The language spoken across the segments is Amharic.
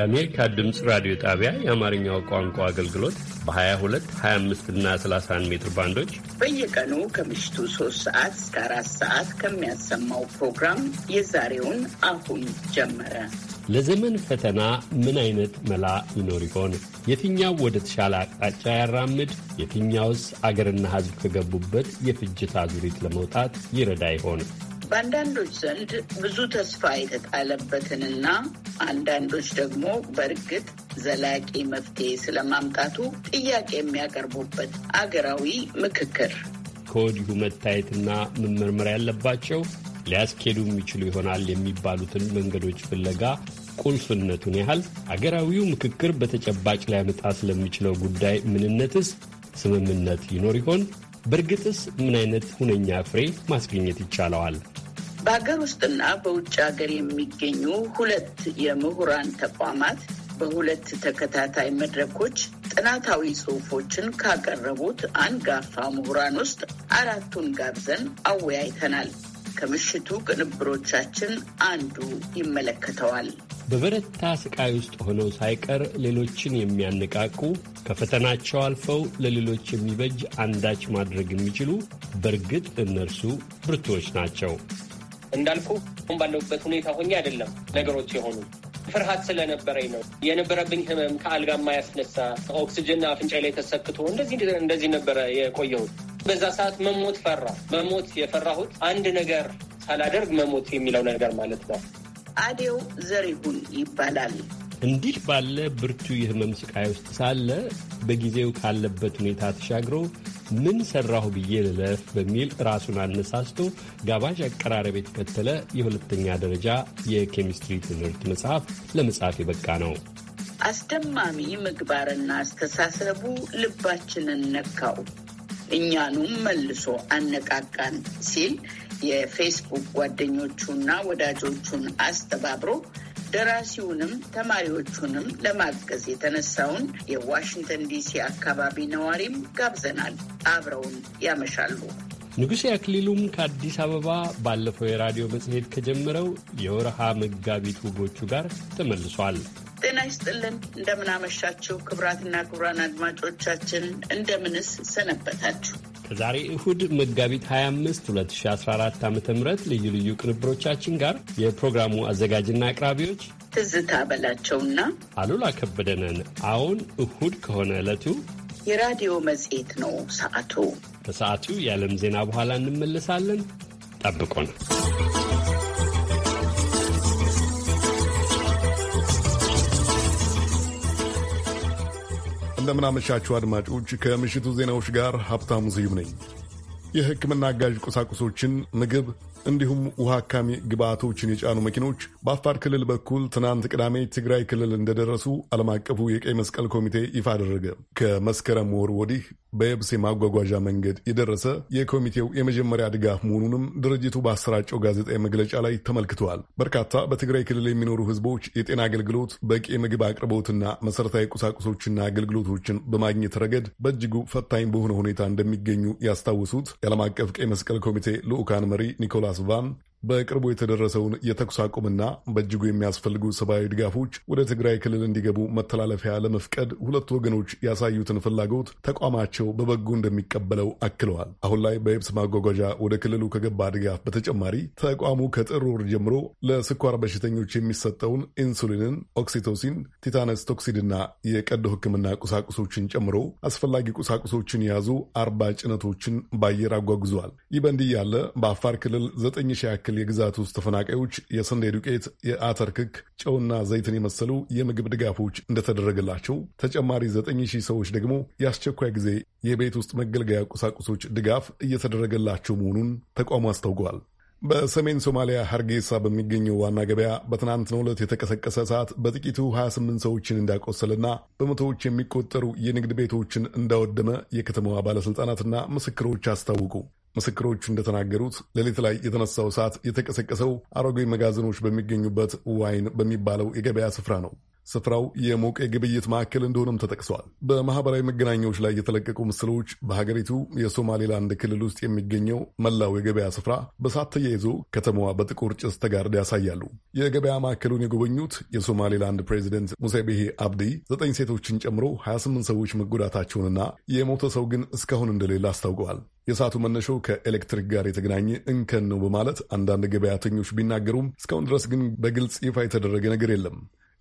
የአሜሪካ ድምፅ ራዲዮ ጣቢያ የአማርኛው ቋንቋ አገልግሎት በ22፣ 25 እና 31 ሜትር ባንዶች በየቀኑ ከምሽቱ 3 ሰዓት እስከ 4 ሰዓት ከሚያሰማው ፕሮግራም የዛሬውን አሁን ጀመረ። ለዘመን ፈተና ምን አይነት መላ ይኖር ይሆን? የትኛው ወደ ተሻለ አቅጣጫ ያራምድ? የትኛውስ አገርና ሕዝብ ከገቡበት የፍጅት አዙሪት ለመውጣት ይረዳ ይሆን? በአንዳንዶች ዘንድ ብዙ ተስፋ የተጣለበትንና አንዳንዶች ደግሞ በእርግጥ ዘላቂ መፍትሄ ስለማምጣቱ ጥያቄ የሚያቀርቡበት አገራዊ ምክክር ከወዲሁ መታየትና መመርመር ያለባቸው ሊያስኬዱ የሚችሉ ይሆናል የሚባሉትን መንገዶች ፍለጋ ቁልፍነቱን ያህል አገራዊው ምክክር በተጨባጭ ሊያመጣ ስለሚችለው ጉዳይ ምንነትስ ስምምነት ይኖር ይሆን? በእርግጥስ ምን አይነት ሁነኛ ፍሬ ማስገኘት ይቻለዋል? በሀገር ውስጥና በውጭ ሀገር የሚገኙ ሁለት የምሁራን ተቋማት በሁለት ተከታታይ መድረኮች ጥናታዊ ጽሑፎችን ካቀረቡት አንጋፋ ምሁራን ውስጥ አራቱን ጋብዘን አወያይተናል። ከምሽቱ ቅንብሮቻችን አንዱ ይመለከተዋል። በበረታ ስቃይ ውስጥ ሆነው ሳይቀር ሌሎችን የሚያነቃቁ ከፈተናቸው አልፈው ለሌሎች የሚበጅ አንዳች ማድረግ የሚችሉ በእርግጥ እነርሱ ብርቱዎች ናቸው። እንዳልኩ አሁን ባለሁበት ሁኔታ ሆኜ አይደለም ነገሮች የሆኑ ፍርሃት ስለነበረኝ ነው። የነበረብኝ ህመም ከአልጋ ማያስነሳ ኦክስጅን አፍንጫ ላይ ተሰክቶ እንደዚህ እንደዚህ ነበረ የቆየሁት። በዛ ሰዓት መሞት ፈራ መሞት የፈራሁት አንድ ነገር ሳላደርግ መሞት የሚለው ነገር ማለት ነው። አዴው ዘሪሁን ይባላል። እንዲህ ባለ ብርቱ የህመም ስቃይ ውስጥ ሳለ በጊዜው ካለበት ሁኔታ ተሻግሮ ምን ሰራሁ ብዬ ልለፍ በሚል ራሱን አነሳስቶ ጋባዥ አቀራረብ የተከተለ የሁለተኛ ደረጃ የኬሚስትሪ ትምህርት መጽሐፍ ለመጻፍ የበቃ ነው። አስደማሚ ምግባርና አስተሳሰቡ ልባችንን ነካው። እኛኑም መልሶ አነቃቃን ሲል የፌስቡክ ጓደኞቹና ወዳጆቹን አስተባብሮ ደራሲውንም ተማሪዎቹንም ለማገዝ የተነሳውን የዋሽንግተን ዲሲ አካባቢ ነዋሪም ጋብዘናል። አብረውን ያመሻሉ። ንጉሴ አክሊሉም ከአዲስ አበባ ባለፈው የራዲዮ መጽሔት ከጀመረው የወርሃ መጋቢት ውጎቹ ጋር ተመልሷል። ጤና ይስጥልን እንደምናመሻችሁ ክብራትና ክብራን አድማጮቻችን እንደምንስ ሰነበታችሁ። ከዛሬ እሁድ መጋቢት 25 2014 ዓ ም ልዩ ልዩ ቅንብሮቻችን ጋር የፕሮግራሙ አዘጋጅና አቅራቢዎች ትዝታ በላቸውና አሉላ ከበደነን። አሁን እሁድ ከሆነ ዕለቱ የራዲዮ መጽሔት ነው። ሰዓቱ ከሰዓቱ የዓለም ዜና በኋላ እንመለሳለን። ጠብቆ። ነው እንደምናመሻችሁ አድማጮች፣ ከምሽቱ ዜናዎች ጋር ሀብታሙ ዝዩም ነኝ። የሕክምና አጋዥ ቁሳቁሶችን፣ ምግብ እንዲሁም ውሃ አካሚ ግብዓቶችን የጫኑ መኪኖች በአፋር ክልል በኩል ትናንት ቅዳሜ ትግራይ ክልል እንደደረሱ ዓለም አቀፉ የቀይ መስቀል ኮሚቴ ይፋ አደረገ። ከመስከረም ወር ወዲህ በየብስ የማጓጓዣ መንገድ የደረሰ የኮሚቴው የመጀመሪያ ድጋፍ መሆኑንም ድርጅቱ በአሰራጨው ጋዜጣዊ መግለጫ ላይ ተመልክተዋል። በርካታ በትግራይ ክልል የሚኖሩ ህዝቦች የጤና አገልግሎት፣ በቂ የምግብ አቅርቦትና መሠረታዊ ቁሳቁሶችና አገልግሎቶችን በማግኘት ረገድ በእጅጉ ፈታኝ በሆነ ሁኔታ እንደሚገኙ ያስታወሱት የዓለም አቀፍ ቀይ መስቀል ኮሚቴ ልዑካን መሪ ኒኮላ was one በቅርቡ የተደረሰውን የተኩስ አቁምና በእጅጉ የሚያስፈልጉ ሰብአዊ ድጋፎች ወደ ትግራይ ክልል እንዲገቡ መተላለፊያ ለመፍቀድ ሁለቱ ወገኖች ያሳዩትን ፍላጎት ተቋማቸው በበጎ እንደሚቀበለው አክለዋል። አሁን ላይ በየብስ ማጓጓዣ ወደ ክልሉ ከገባ ድጋፍ በተጨማሪ ተቋሙ ከጥር ወር ጀምሮ ለስኳር በሽተኞች የሚሰጠውን ኢንሱሊንን፣ ኦክሲቶሲን፣ ቲታነስ ቶክሲድና የቀዶ ሕክምና ቁሳቁሶችን ጨምሮ አስፈላጊ ቁሳቁሶችን የያዙ አርባ ጭነቶችን በአየር አጓጉዟል። ይህ በእንዲህ ያለ በአፋር ክልል ዘጠኝ ሺህ ያክል ያክል የግዛት ውስጥ ተፈናቃዮች የስንዴ ዱቄት፣ የአተር ክክ፣ ጨውና ዘይትን የመሰሉ የምግብ ድጋፎች እንደተደረገላቸው፣ ተጨማሪ ዘጠኝ ሰዎች ደግሞ የአስቸኳይ ጊዜ የቤት ውስጥ መገልገያ ቁሳቁሶች ድጋፍ እየተደረገላቸው መሆኑን ተቋሙ አስታውቀዋል። በሰሜን ሶማሊያ ሀርጌሳ በሚገኘው ዋና ገበያ በትናንትናው ዕለት የተቀሰቀሰ እሳት በጥቂቱ 28 ሰዎችን እንዳቆሰለና በመቶዎች የሚቆጠሩ የንግድ ቤቶችን እንዳወደመ የከተማዋ ባለሥልጣናትና ምስክሮች አስታውቁ? ምስክሮቹ እንደተናገሩት ሌሊት ላይ የተነሳው እሳት የተቀሰቀሰው አሮጌ መጋዘኖች በሚገኙበት ዋይን በሚባለው የገበያ ስፍራ ነው። ስፍራው የሞቀ የግብይት ማዕከል እንደሆነም ተጠቅሰዋል። በማህበራዊ መገናኛዎች ላይ የተለቀቁ ምስሎች በሀገሪቱ የሶማሌላንድ ክልል ውስጥ የሚገኘው መላው የገበያ ስፍራ በሳት ተያይዞ ከተማዋ በጥቁር ጭስ ተጋርድ ያሳያሉ። የገበያ ማዕከሉን የጎበኙት የሶማሌላንድ ፕሬዚደንት ሙሴቤሄ አብዲ ዘጠኝ ሴቶችን ጨምሮ 28 ሰዎች መጎዳታቸውንና የሞተ ሰው ግን እስካሁን እንደሌለ አስታውቀዋል። የሰዓቱ መነሻው ከኤሌክትሪክ ጋር የተገናኘ እንከን ነው በማለት አንዳንድ ገበያተኞች ቢናገሩም እስካሁን ድረስ ግን በግልጽ ይፋ የተደረገ ነገር የለም።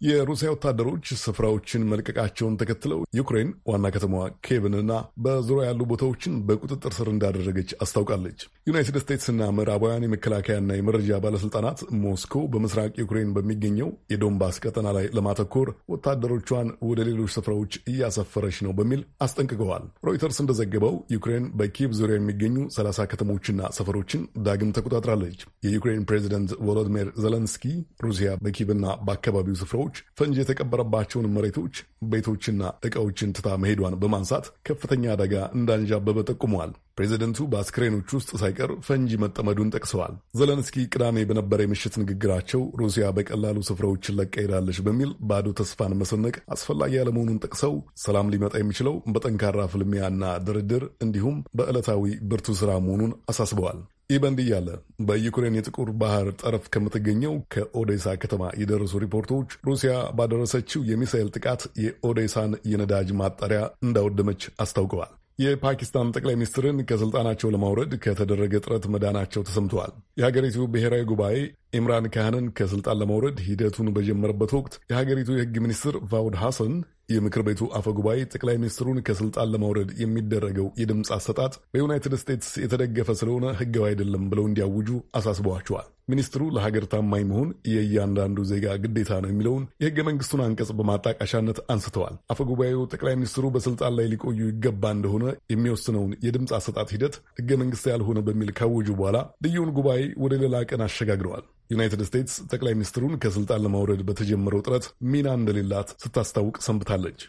የሩሲያ ወታደሮች ስፍራዎችን መልቀቃቸውን ተከትለው ዩክሬን ዋና ከተማዋ ኬቭንና በዙሪያ ያሉ ቦታዎችን በቁጥጥር ስር እንዳደረገች አስታውቃለች። ዩናይትድ ስቴትስና ምዕራባውያን የመከላከያና የመረጃ ባለስልጣናት ሞስኮ በምስራቅ ዩክሬን በሚገኘው የዶንባስ ቀጠና ላይ ለማተኮር ወታደሮቿን ወደ ሌሎች ስፍራዎች እያሰፈረች ነው በሚል አስጠንቅቀዋል። ሮይተርስ እንደዘገበው ዩክሬን በኪቭ ዙሪያ የሚገኙ 30 ከተሞችና ሰፈሮችን ዳግም ተቆጣጥራለች። የዩክሬን ፕሬዚደንት ቮሎዲሚር ዘለንስኪ ሩሲያ በኪቭና በአካባቢው ስፍራዎች ከተሞች ፈንጅ የተቀበረባቸውን መሬቶች፣ ቤቶችና ዕቃዎችን ትታ መሄዷን በማንሳት ከፍተኛ አደጋ እንዳንዣበበ ጠቁመዋል። ፕሬዚደንቱ በአስክሬኖች ውስጥ ሳይቀር ፈንጂ መጠመዱን ጠቅሰዋል። ዘለንስኪ ቅዳሜ በነበረ የምሽት ንግግራቸው ሩሲያ በቀላሉ ስፍራዎችን ለቃ ሄዳለች በሚል ባዶ ተስፋን መሰነቅ አስፈላጊ ያለመሆኑን ጠቅሰው ሰላም ሊመጣ የሚችለው በጠንካራ ፍልሚያና ድርድር እንዲሁም በዕለታዊ ብርቱ ስራ መሆኑን አሳስበዋል። ይህ በእንዲህ እያለ በዩክሬን የጥቁር ባህር ጠረፍ ከምትገኘው ከኦዴሳ ከተማ የደረሱ ሪፖርቶች ሩሲያ ባደረሰችው የሚሳኤል ጥቃት የኦዴሳን የነዳጅ ማጣሪያ እንዳወደመች አስታውቀዋል። የፓኪስታን ጠቅላይ ሚኒስትርን ከስልጣናቸው ለማውረድ ከተደረገ ጥረት መዳናቸው ተሰምተዋል። የሀገሪቱ ብሔራዊ ጉባኤ ኢምራን ካህንን ከስልጣን ለማውረድ ሂደቱን በጀመረበት ወቅት የሀገሪቱ የህግ ሚኒስትር ቫውድ ሐሰን የምክር ቤቱ አፈ ጉባኤ ጠቅላይ ሚኒስትሩን ከስልጣን ለማውረድ የሚደረገው የድምፅ አሰጣጥ በዩናይትድ ስቴትስ የተደገፈ ስለሆነ ህጋዊ አይደለም ብለው እንዲያውጁ አሳስበዋቸዋል። ሚኒስትሩ ለሀገር ታማኝ መሆን የእያንዳንዱ ዜጋ ግዴታ ነው የሚለውን የህገ መንግስቱን አንቀጽ በማጣቃሻነት አንስተዋል። አፈጉባኤው ጠቅላይ ሚኒስትሩ በስልጣን ላይ ሊቆዩ ይገባ እንደሆነ የሚወስነውን የድምፅ አሰጣት ሂደት ህገ መንግስት ያልሆነ በሚል ካወጁ በኋላ ልዩውን ጉባኤ ወደ ሌላ ቀን አሸጋግረዋል። ዩናይትድ ስቴትስ ጠቅላይ ሚኒስትሩን ከስልጣን ለማውረድ በተጀመረው ጥረት ሚና እንደሌላት ስታስታውቅ ሰንብታለች።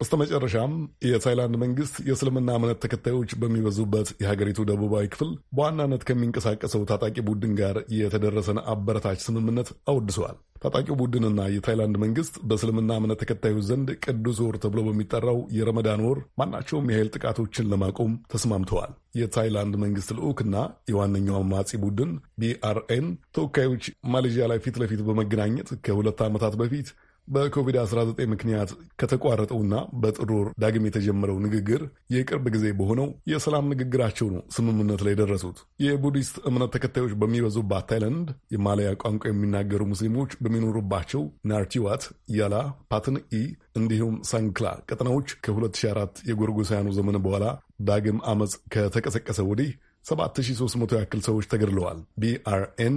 በስተመጨረሻም የታይላንድ መንግስት የእስልምና እምነት ተከታዮች በሚበዙበት የሀገሪቱ ደቡባዊ ክፍል በዋናነት ከሚንቀሳቀሰው ታጣቂ ቡድን ጋር የተደረሰን አበረታች ስምምነት አወድሰዋል። ታጣቂው ቡድንና የታይላንድ መንግስት በእስልምና እምነት ተከታዮች ዘንድ ቅዱስ ወር ተብሎ በሚጠራው የረመዳን ወር ማናቸውም የኃይል ጥቃቶችን ለማቆም ተስማምተዋል። የታይላንድ መንግስት ልዑክና የዋነኛው አማጺ ቡድን ቢአርኤን ተወካዮች ማሌዥያ ላይ ፊት ለፊት በመገናኘት ከሁለት ዓመታት በፊት በኮቪድ-19 ምክንያት ከተቋረጠውና በጥር ወር ዳግም የተጀመረው ንግግር የቅርብ ጊዜ በሆነው የሰላም ንግግራቸው ነው ስምምነት ላይ ደረሱት። የቡዲስት እምነት ተከታዮች በሚበዙባት ታይላንድ የማለያ ቋንቋ የሚናገሩ ሙስሊሞች በሚኖሩባቸው ናርቲዋት፣ ያላ፣ ፓትን ኢ እንዲሁም ሳንክላ ቀጠናዎች ከ2004 የጎርጎሳያኑ ዘመን በኋላ ዳግም አመፅ ከተቀሰቀሰ ወዲህ 7300 ያክል ሰዎች ተገድለዋል። ቢአርኤን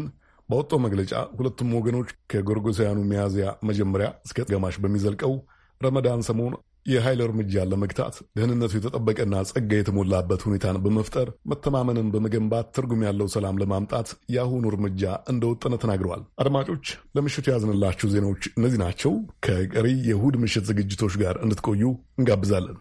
ባወጣው መግለጫ ሁለቱም ወገኖች ከጎርጎሳውያኑ ሚያዝያ መጀመሪያ እስከ ገማሽ በሚዘልቀው ረመዳን ሰሞን የኃይል እርምጃን ለመግታት ደህንነቱ የተጠበቀና ጸጋ የተሞላበት ሁኔታን በመፍጠር መተማመንን በመገንባት ትርጉም ያለው ሰላም ለማምጣት የአሁኑ እርምጃ እንደወጠነ ተናግረዋል። አድማጮች፣ ለምሽቱ የያዝንላችሁ ዜናዎች እነዚህ ናቸው። ከቀሪ የእሁድ ምሽት ዝግጅቶች ጋር እንድትቆዩ እንጋብዛለን።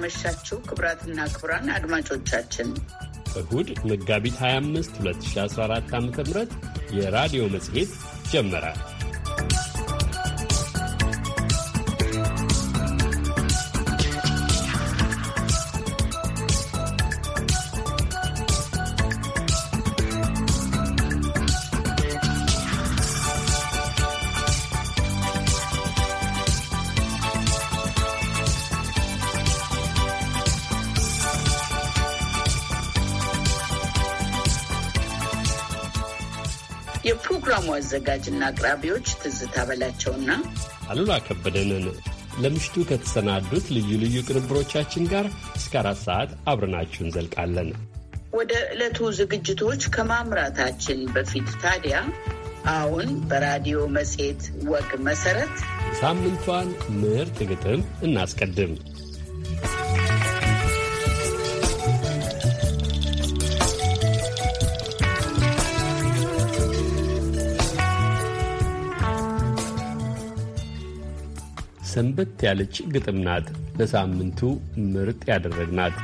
እንደምናመሻችው ክብራትና ክብራን አድማጮቻችን እሁድ መጋቢት 25 2014 ዓ ም የራዲዮ መጽሔት ጀመራል። የፕሮግራሙ አዘጋጅና አቅራቢዎች ትዝታ በላቸውና አሉላ ከበደንን ለምሽቱ ከተሰናዱት ልዩ ልዩ ቅንብሮቻችን ጋር እስከ አራት ሰዓት አብረናችሁ እንዘልቃለን። ወደ ዕለቱ ዝግጅቶች ከማምራታችን በፊት ታዲያ አሁን በራዲዮ መጽሔት ወግ መሰረት ሳምንቷን ምርጥ ግጥም እናስቀድም። ሰንበት ያለች ግጥም ናት። ለሳምንቱ ምርጥ ያደረግናት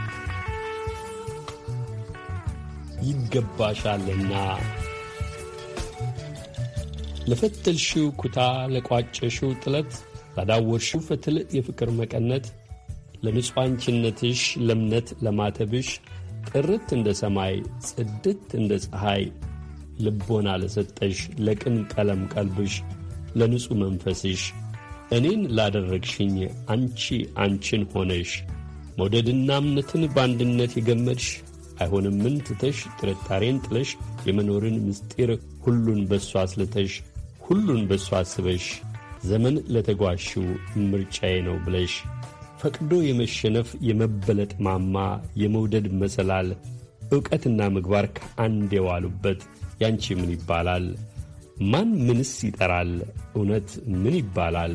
ይገባሻልና ለፈተልሽው ኩታ፣ ለቋጨሽው ጥለት፣ ላዳወርሽው ፈትል የፍቅር መቀነት፣ ለንጹንችነትሽ ለእምነት ለማተብሽ፣ ጥርት እንደ ሰማይ ጽድት እንደ ፀሐይ ልቦና ለሰጠሽ፣ ለቅን ቀለም ቀልብሽ፣ ለንጹሕ መንፈስሽ እኔን ላደረግሽኝ አንቺ አንቺን ሆነሽ መውደድና እምነትን በአንድነት የገመድሽ ምን ትተሽ ጥርጣሬን ጥለሽ የመኖርን ምስጢር ሁሉን በሷ አስልተሽ ሁሉን በሷ አስበሽ ዘመን ለተጓሽው ምርጫዬ ነው ብለሽ ፈቅዶ የመሸነፍ የመበለጥ ማማ የመውደድ መሰላል ዕውቀትና ምግባር ከአንድ የዋሉበት ያንቺ ምን ይባላል ማን ምንስ ይጠራል? እውነት ምን ይባላል?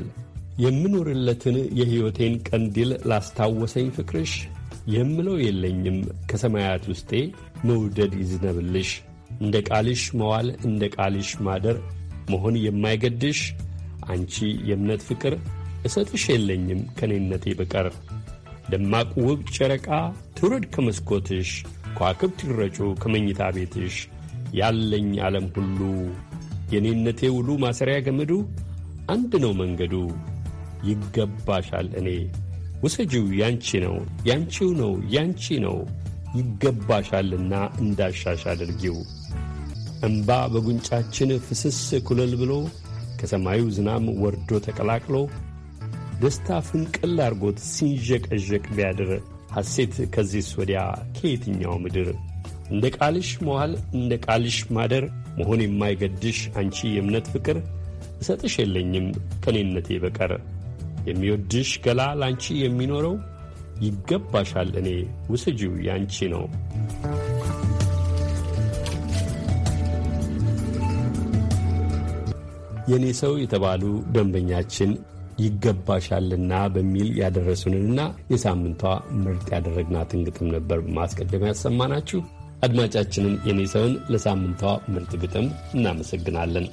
የምኖርለትን የሕይወቴን ቀንዲል ላስታወሰኝ ፍቅርሽ የምለው የለኝም ከሰማያት ውስጤ መውደድ ይዝነብልሽ እንደ ቃልሽ መዋል እንደ ቃልሽ ማደር መሆን የማይገድሽ አንቺ የእምነት ፍቅር እሰጥሽ የለኝም ከኔነቴ በቀር ደማቅ ውብ ጨረቃ ትውረድ ከመስኮትሽ ከዋክብት ይረጩ ከመኝታ ቤትሽ ያለኝ ዓለም ሁሉ የኔነቴ ውሉ ማሰሪያ ገመዱ አንድ ነው መንገዱ ይገባሻል እኔ ውሰጂው ያንቺ ነው ያንቺው ነው ያንቺ ነው ይገባሻልና እንዳሻሽ አድርጊው። እምባ በጉንጫችን ፍስስ ኩለል ብሎ ከሰማዩ ዝናም ወርዶ ተቀላቅሎ ደስታ ፍንቅል አርጎት ሲንዠቀዠቅ ቢያድር ሐሴት ከዚህስ ወዲያ ከየትኛው ምድር እንደ ቃልሽ መዋል እንደ ቃልሽ ማደር መሆን የማይገድሽ አንቺ የእምነት ፍቅር እሰጥሽ የለኝም ከኔነቴ በቀር የሚወድሽ ገላ ላንቺ የሚኖረው ይገባሻል እኔ ውስጂው ያንቺ ነው። የእኔ ሰው የተባሉ ደንበኛችን ይገባሻልና በሚል ያደረሱንንና የሳምንቷ ምርጥ ያደረግናትን ግጥም ነበር ማስቀደም ያሰማናችሁ። አድማጫችንን የኔ ሰውን ለሳምንቷ ምርጥ ግጥም እናመሰግናለን።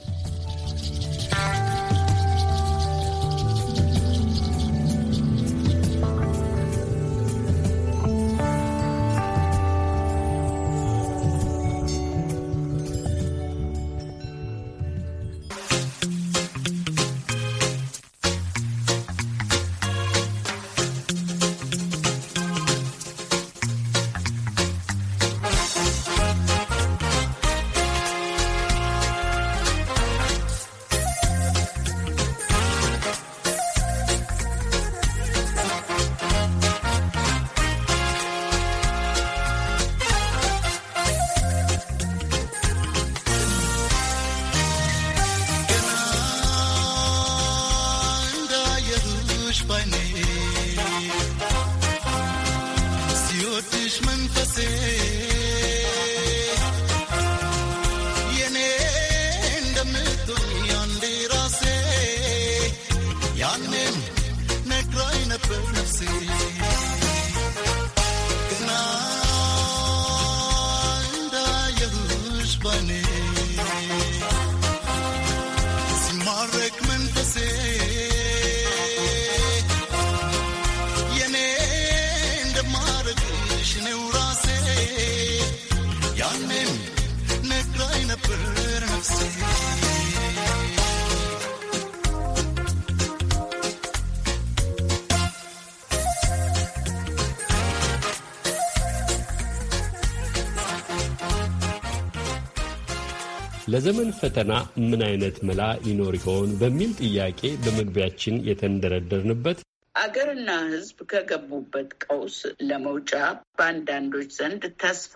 ለዘመን ፈተና ምን አይነት መላ ይኖር ይሆን በሚል ጥያቄ በመግቢያችን የተንደረደርንበት አገርና ሕዝብ ከገቡበት ቀውስ ለመውጫ በአንዳንዶች ዘንድ ተስፋ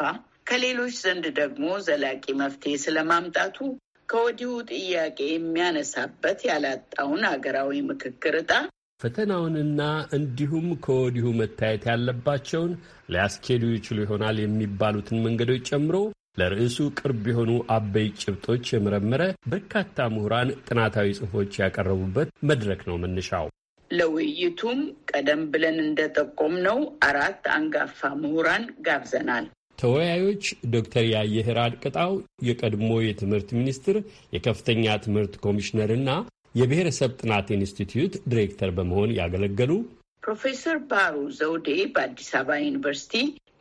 ከሌሎች ዘንድ ደግሞ ዘላቂ መፍትሄ ስለማምጣቱ ከወዲሁ ጥያቄ የሚያነሳበት ያላጣውን አገራዊ ምክክር እጣ ፈተናውንና እንዲሁም ከወዲሁ መታየት ያለባቸውን ሊያስኬዱ ይችሉ ይሆናል የሚባሉትን መንገዶች ጨምሮ ለርዕሱ ቅርብ የሆኑ አበይ ጭብጦች የመረመረ በርካታ ምሁራን ጥናታዊ ጽሑፎች ያቀረቡበት መድረክ ነው መነሻው። ለውይይቱም ቀደም ብለን እንደጠቆምነው አራት አንጋፋ ምሁራን ጋብዘናል። ተወያዮች ዶክተር ያየህር አድቅጣው የቀድሞ የትምህርት ሚኒስትር የከፍተኛ ትምህርት ኮሚሽነር እና የብሔረሰብ ጥናት ኢንስቲትዩት ዲሬክተር በመሆን ያገለገሉ ፕሮፌሰር ባሩ ዘውዴ በአዲስ አበባ ዩኒቨርሲቲ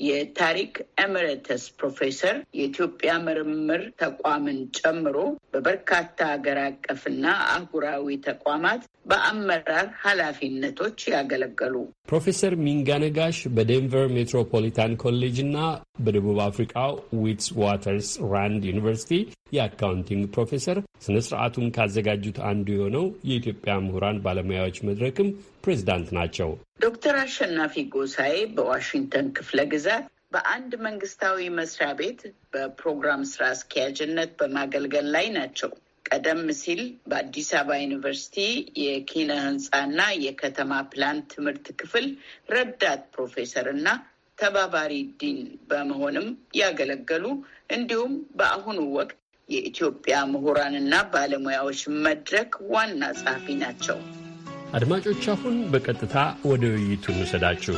የታሪክ ኤምሬተስ ፕሮፌሰር የኢትዮጵያ ምርምር ተቋምን ጨምሮ በበርካታ ሀገር አቀፍና አህጉራዊ ተቋማት በአመራር ኃላፊነቶች ያገለገሉ ፕሮፌሰር ሚንጋነጋሽ በዴንቨር ሜትሮፖሊታን ኮሌጅ እና በደቡብ አፍሪካ ዊትስ ዋተርስ ራንድ ዩኒቨርሲቲ የአካውንቲንግ ፕሮፌሰር ስነ ስርዓቱን ካዘጋጁት አንዱ የሆነው የኢትዮጵያ ምሁራን ባለሙያዎች መድረክም ፕሬዚዳንት ናቸው። ዶክተር አሸናፊ ጎሳኤ በዋሽንግተን ክፍለ ግዛት በአንድ መንግስታዊ መስሪያ ቤት በፕሮግራም ስራ አስኪያጅነት በማገልገል ላይ ናቸው። ቀደም ሲል በአዲስ አበባ ዩኒቨርሲቲ የኪነ ህንፃና የከተማ ፕላን ትምህርት ክፍል ረዳት ፕሮፌሰር እና ተባባሪ ዲን በመሆንም ያገለገሉ እንዲሁም በአሁኑ ወቅት የኢትዮጵያ ምሁራንና ባለሙያዎች መድረክ ዋና ጸሐፊ ናቸው። አድማጮች አሁን በቀጥታ ወደ ውይይቱ እንውሰዳችሁ።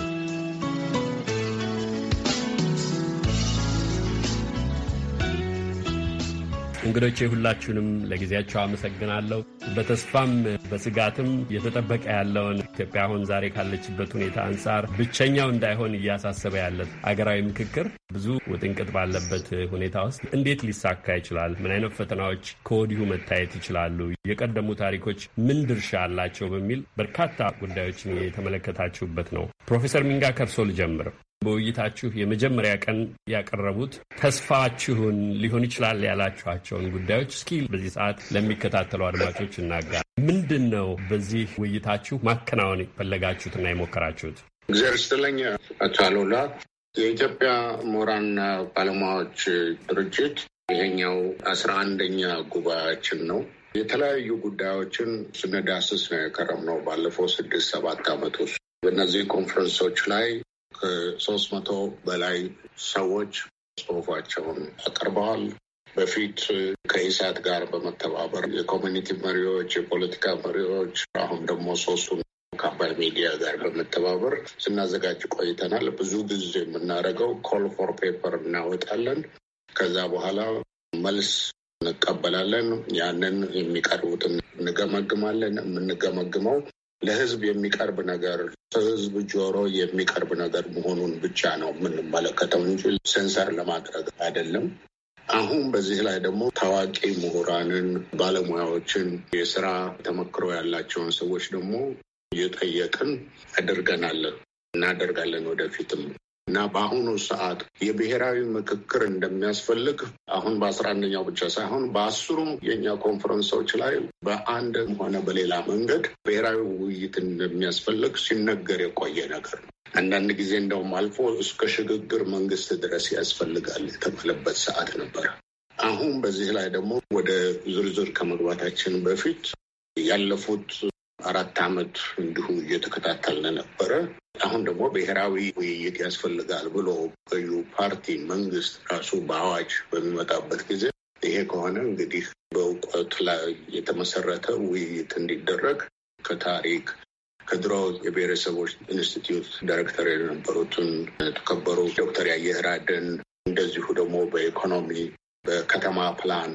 እንግዶቼ ሁላችሁንም ለጊዜያቸው አመሰግናለሁ። በተስፋም በስጋትም የተጠበቀ ያለውን ኢትዮጵያ አሁን ዛሬ ካለችበት ሁኔታ አንጻር ብቸኛው እንዳይሆን እያሳሰበ ያለ አገራዊ ምክክር ብዙ ውጥንቅጥ ባለበት ሁኔታ ውስጥ እንዴት ሊሳካ ይችላል? ምን አይነት ፈተናዎች ከወዲሁ መታየት ይችላሉ? የቀደሙ ታሪኮች ምን ድርሻ አላቸው? በሚል በርካታ ጉዳዮችን የተመለከታችሁበት ነው። ፕሮፌሰር ሚንጋ ከርሶ ልጀምር። በውይይታችሁ የመጀመሪያ ቀን ያቀረቡት ተስፋችሁን ሊሆን ይችላል ያላችኋቸውን ጉዳዮች እስኪ በዚህ ሰዓት ለሚከታተሉ አድማጮች እናጋ። ምንድን ነው በዚህ ውይይታችሁ ማከናወን የፈለጋችሁትና የሞከራችሁት? እግዚአብሔር ይስጥልኝ አቶ አሉላ። የኢትዮጵያ ምሁራንና ባለሙያዎች ድርጅት ይሄኛው አስራ አንደኛ ጉባኤያችን ነው። የተለያዩ ጉዳዮችን ስንዳስስ ነው የከረምነው ባለፈው ስድስት ሰባት ዓመት ውስጥ በእነዚህ ኮንፈረንሶች ላይ ከሶስት መቶ በላይ ሰዎች ጽሁፋቸውን አቅርበዋል። በፊት ከኢሳት ጋር በመተባበር የኮሚኒቲ መሪዎች፣ የፖለቲካ መሪዎች አሁን ደግሞ ሶስቱ ከአባይ ሚዲያ ጋር በመተባበር ስናዘጋጅ ቆይተናል። ብዙ ጊዜ የምናደርገው ኮል ፎር ፔፐር እናወጣለን። ከዛ በኋላ መልስ እንቀበላለን። ያንን የሚቀርቡትን እንገመግማለን። የምንገመግመው ለህዝብ የሚቀርብ ነገር ከህዝብ ጆሮ የሚቀርብ ነገር መሆኑን ብቻ ነው የምንመለከተው እንጂ ሴንሰር ለማድረግ አይደለም። አሁን በዚህ ላይ ደግሞ ታዋቂ ምሁራንን፣ ባለሙያዎችን፣ የስራ ተመክሮ ያላቸውን ሰዎች ደግሞ እየጠየቅን አድርገናለን እናደርጋለን ወደፊትም እና በአሁኑ ሰዓት የብሔራዊ ምክክር እንደሚያስፈልግ አሁን በአስራ አንደኛው ብቻ ሳይሆን በአስሩም የኛ ኮንፈረንሶች ላይ በአንድም ሆነ በሌላ መንገድ ብሔራዊ ውይይት እንደሚያስፈልግ ሲነገር የቆየ ነገር ነው። አንዳንድ ጊዜ እንደውም አልፎ እስከ ሽግግር መንግስት ድረስ ያስፈልጋል የተባለበት ሰዓት ነበር። አሁን በዚህ ላይ ደግሞ ወደ ዝርዝር ከመግባታችን በፊት ያለፉት አራት ዓመት እንዲሁ እየተከታተልን ነበረ። አሁን ደግሞ ብሔራዊ ውይይት ያስፈልጋል ብሎ ገዩ ፓርቲ መንግስት ራሱ በአዋጅ በሚመጣበት ጊዜ ይሄ ከሆነ እንግዲህ በእውቀት ላይ የተመሰረተ ውይይት እንዲደረግ ከታሪክ ከድሮ የብሔረሰቦች ኢንስቲትዩት ዳይሬክተር የነበሩትን የተከበሩ ዶክተር ያየህራደን እንደዚሁ ደግሞ በኢኮኖሚ በከተማ ፕላን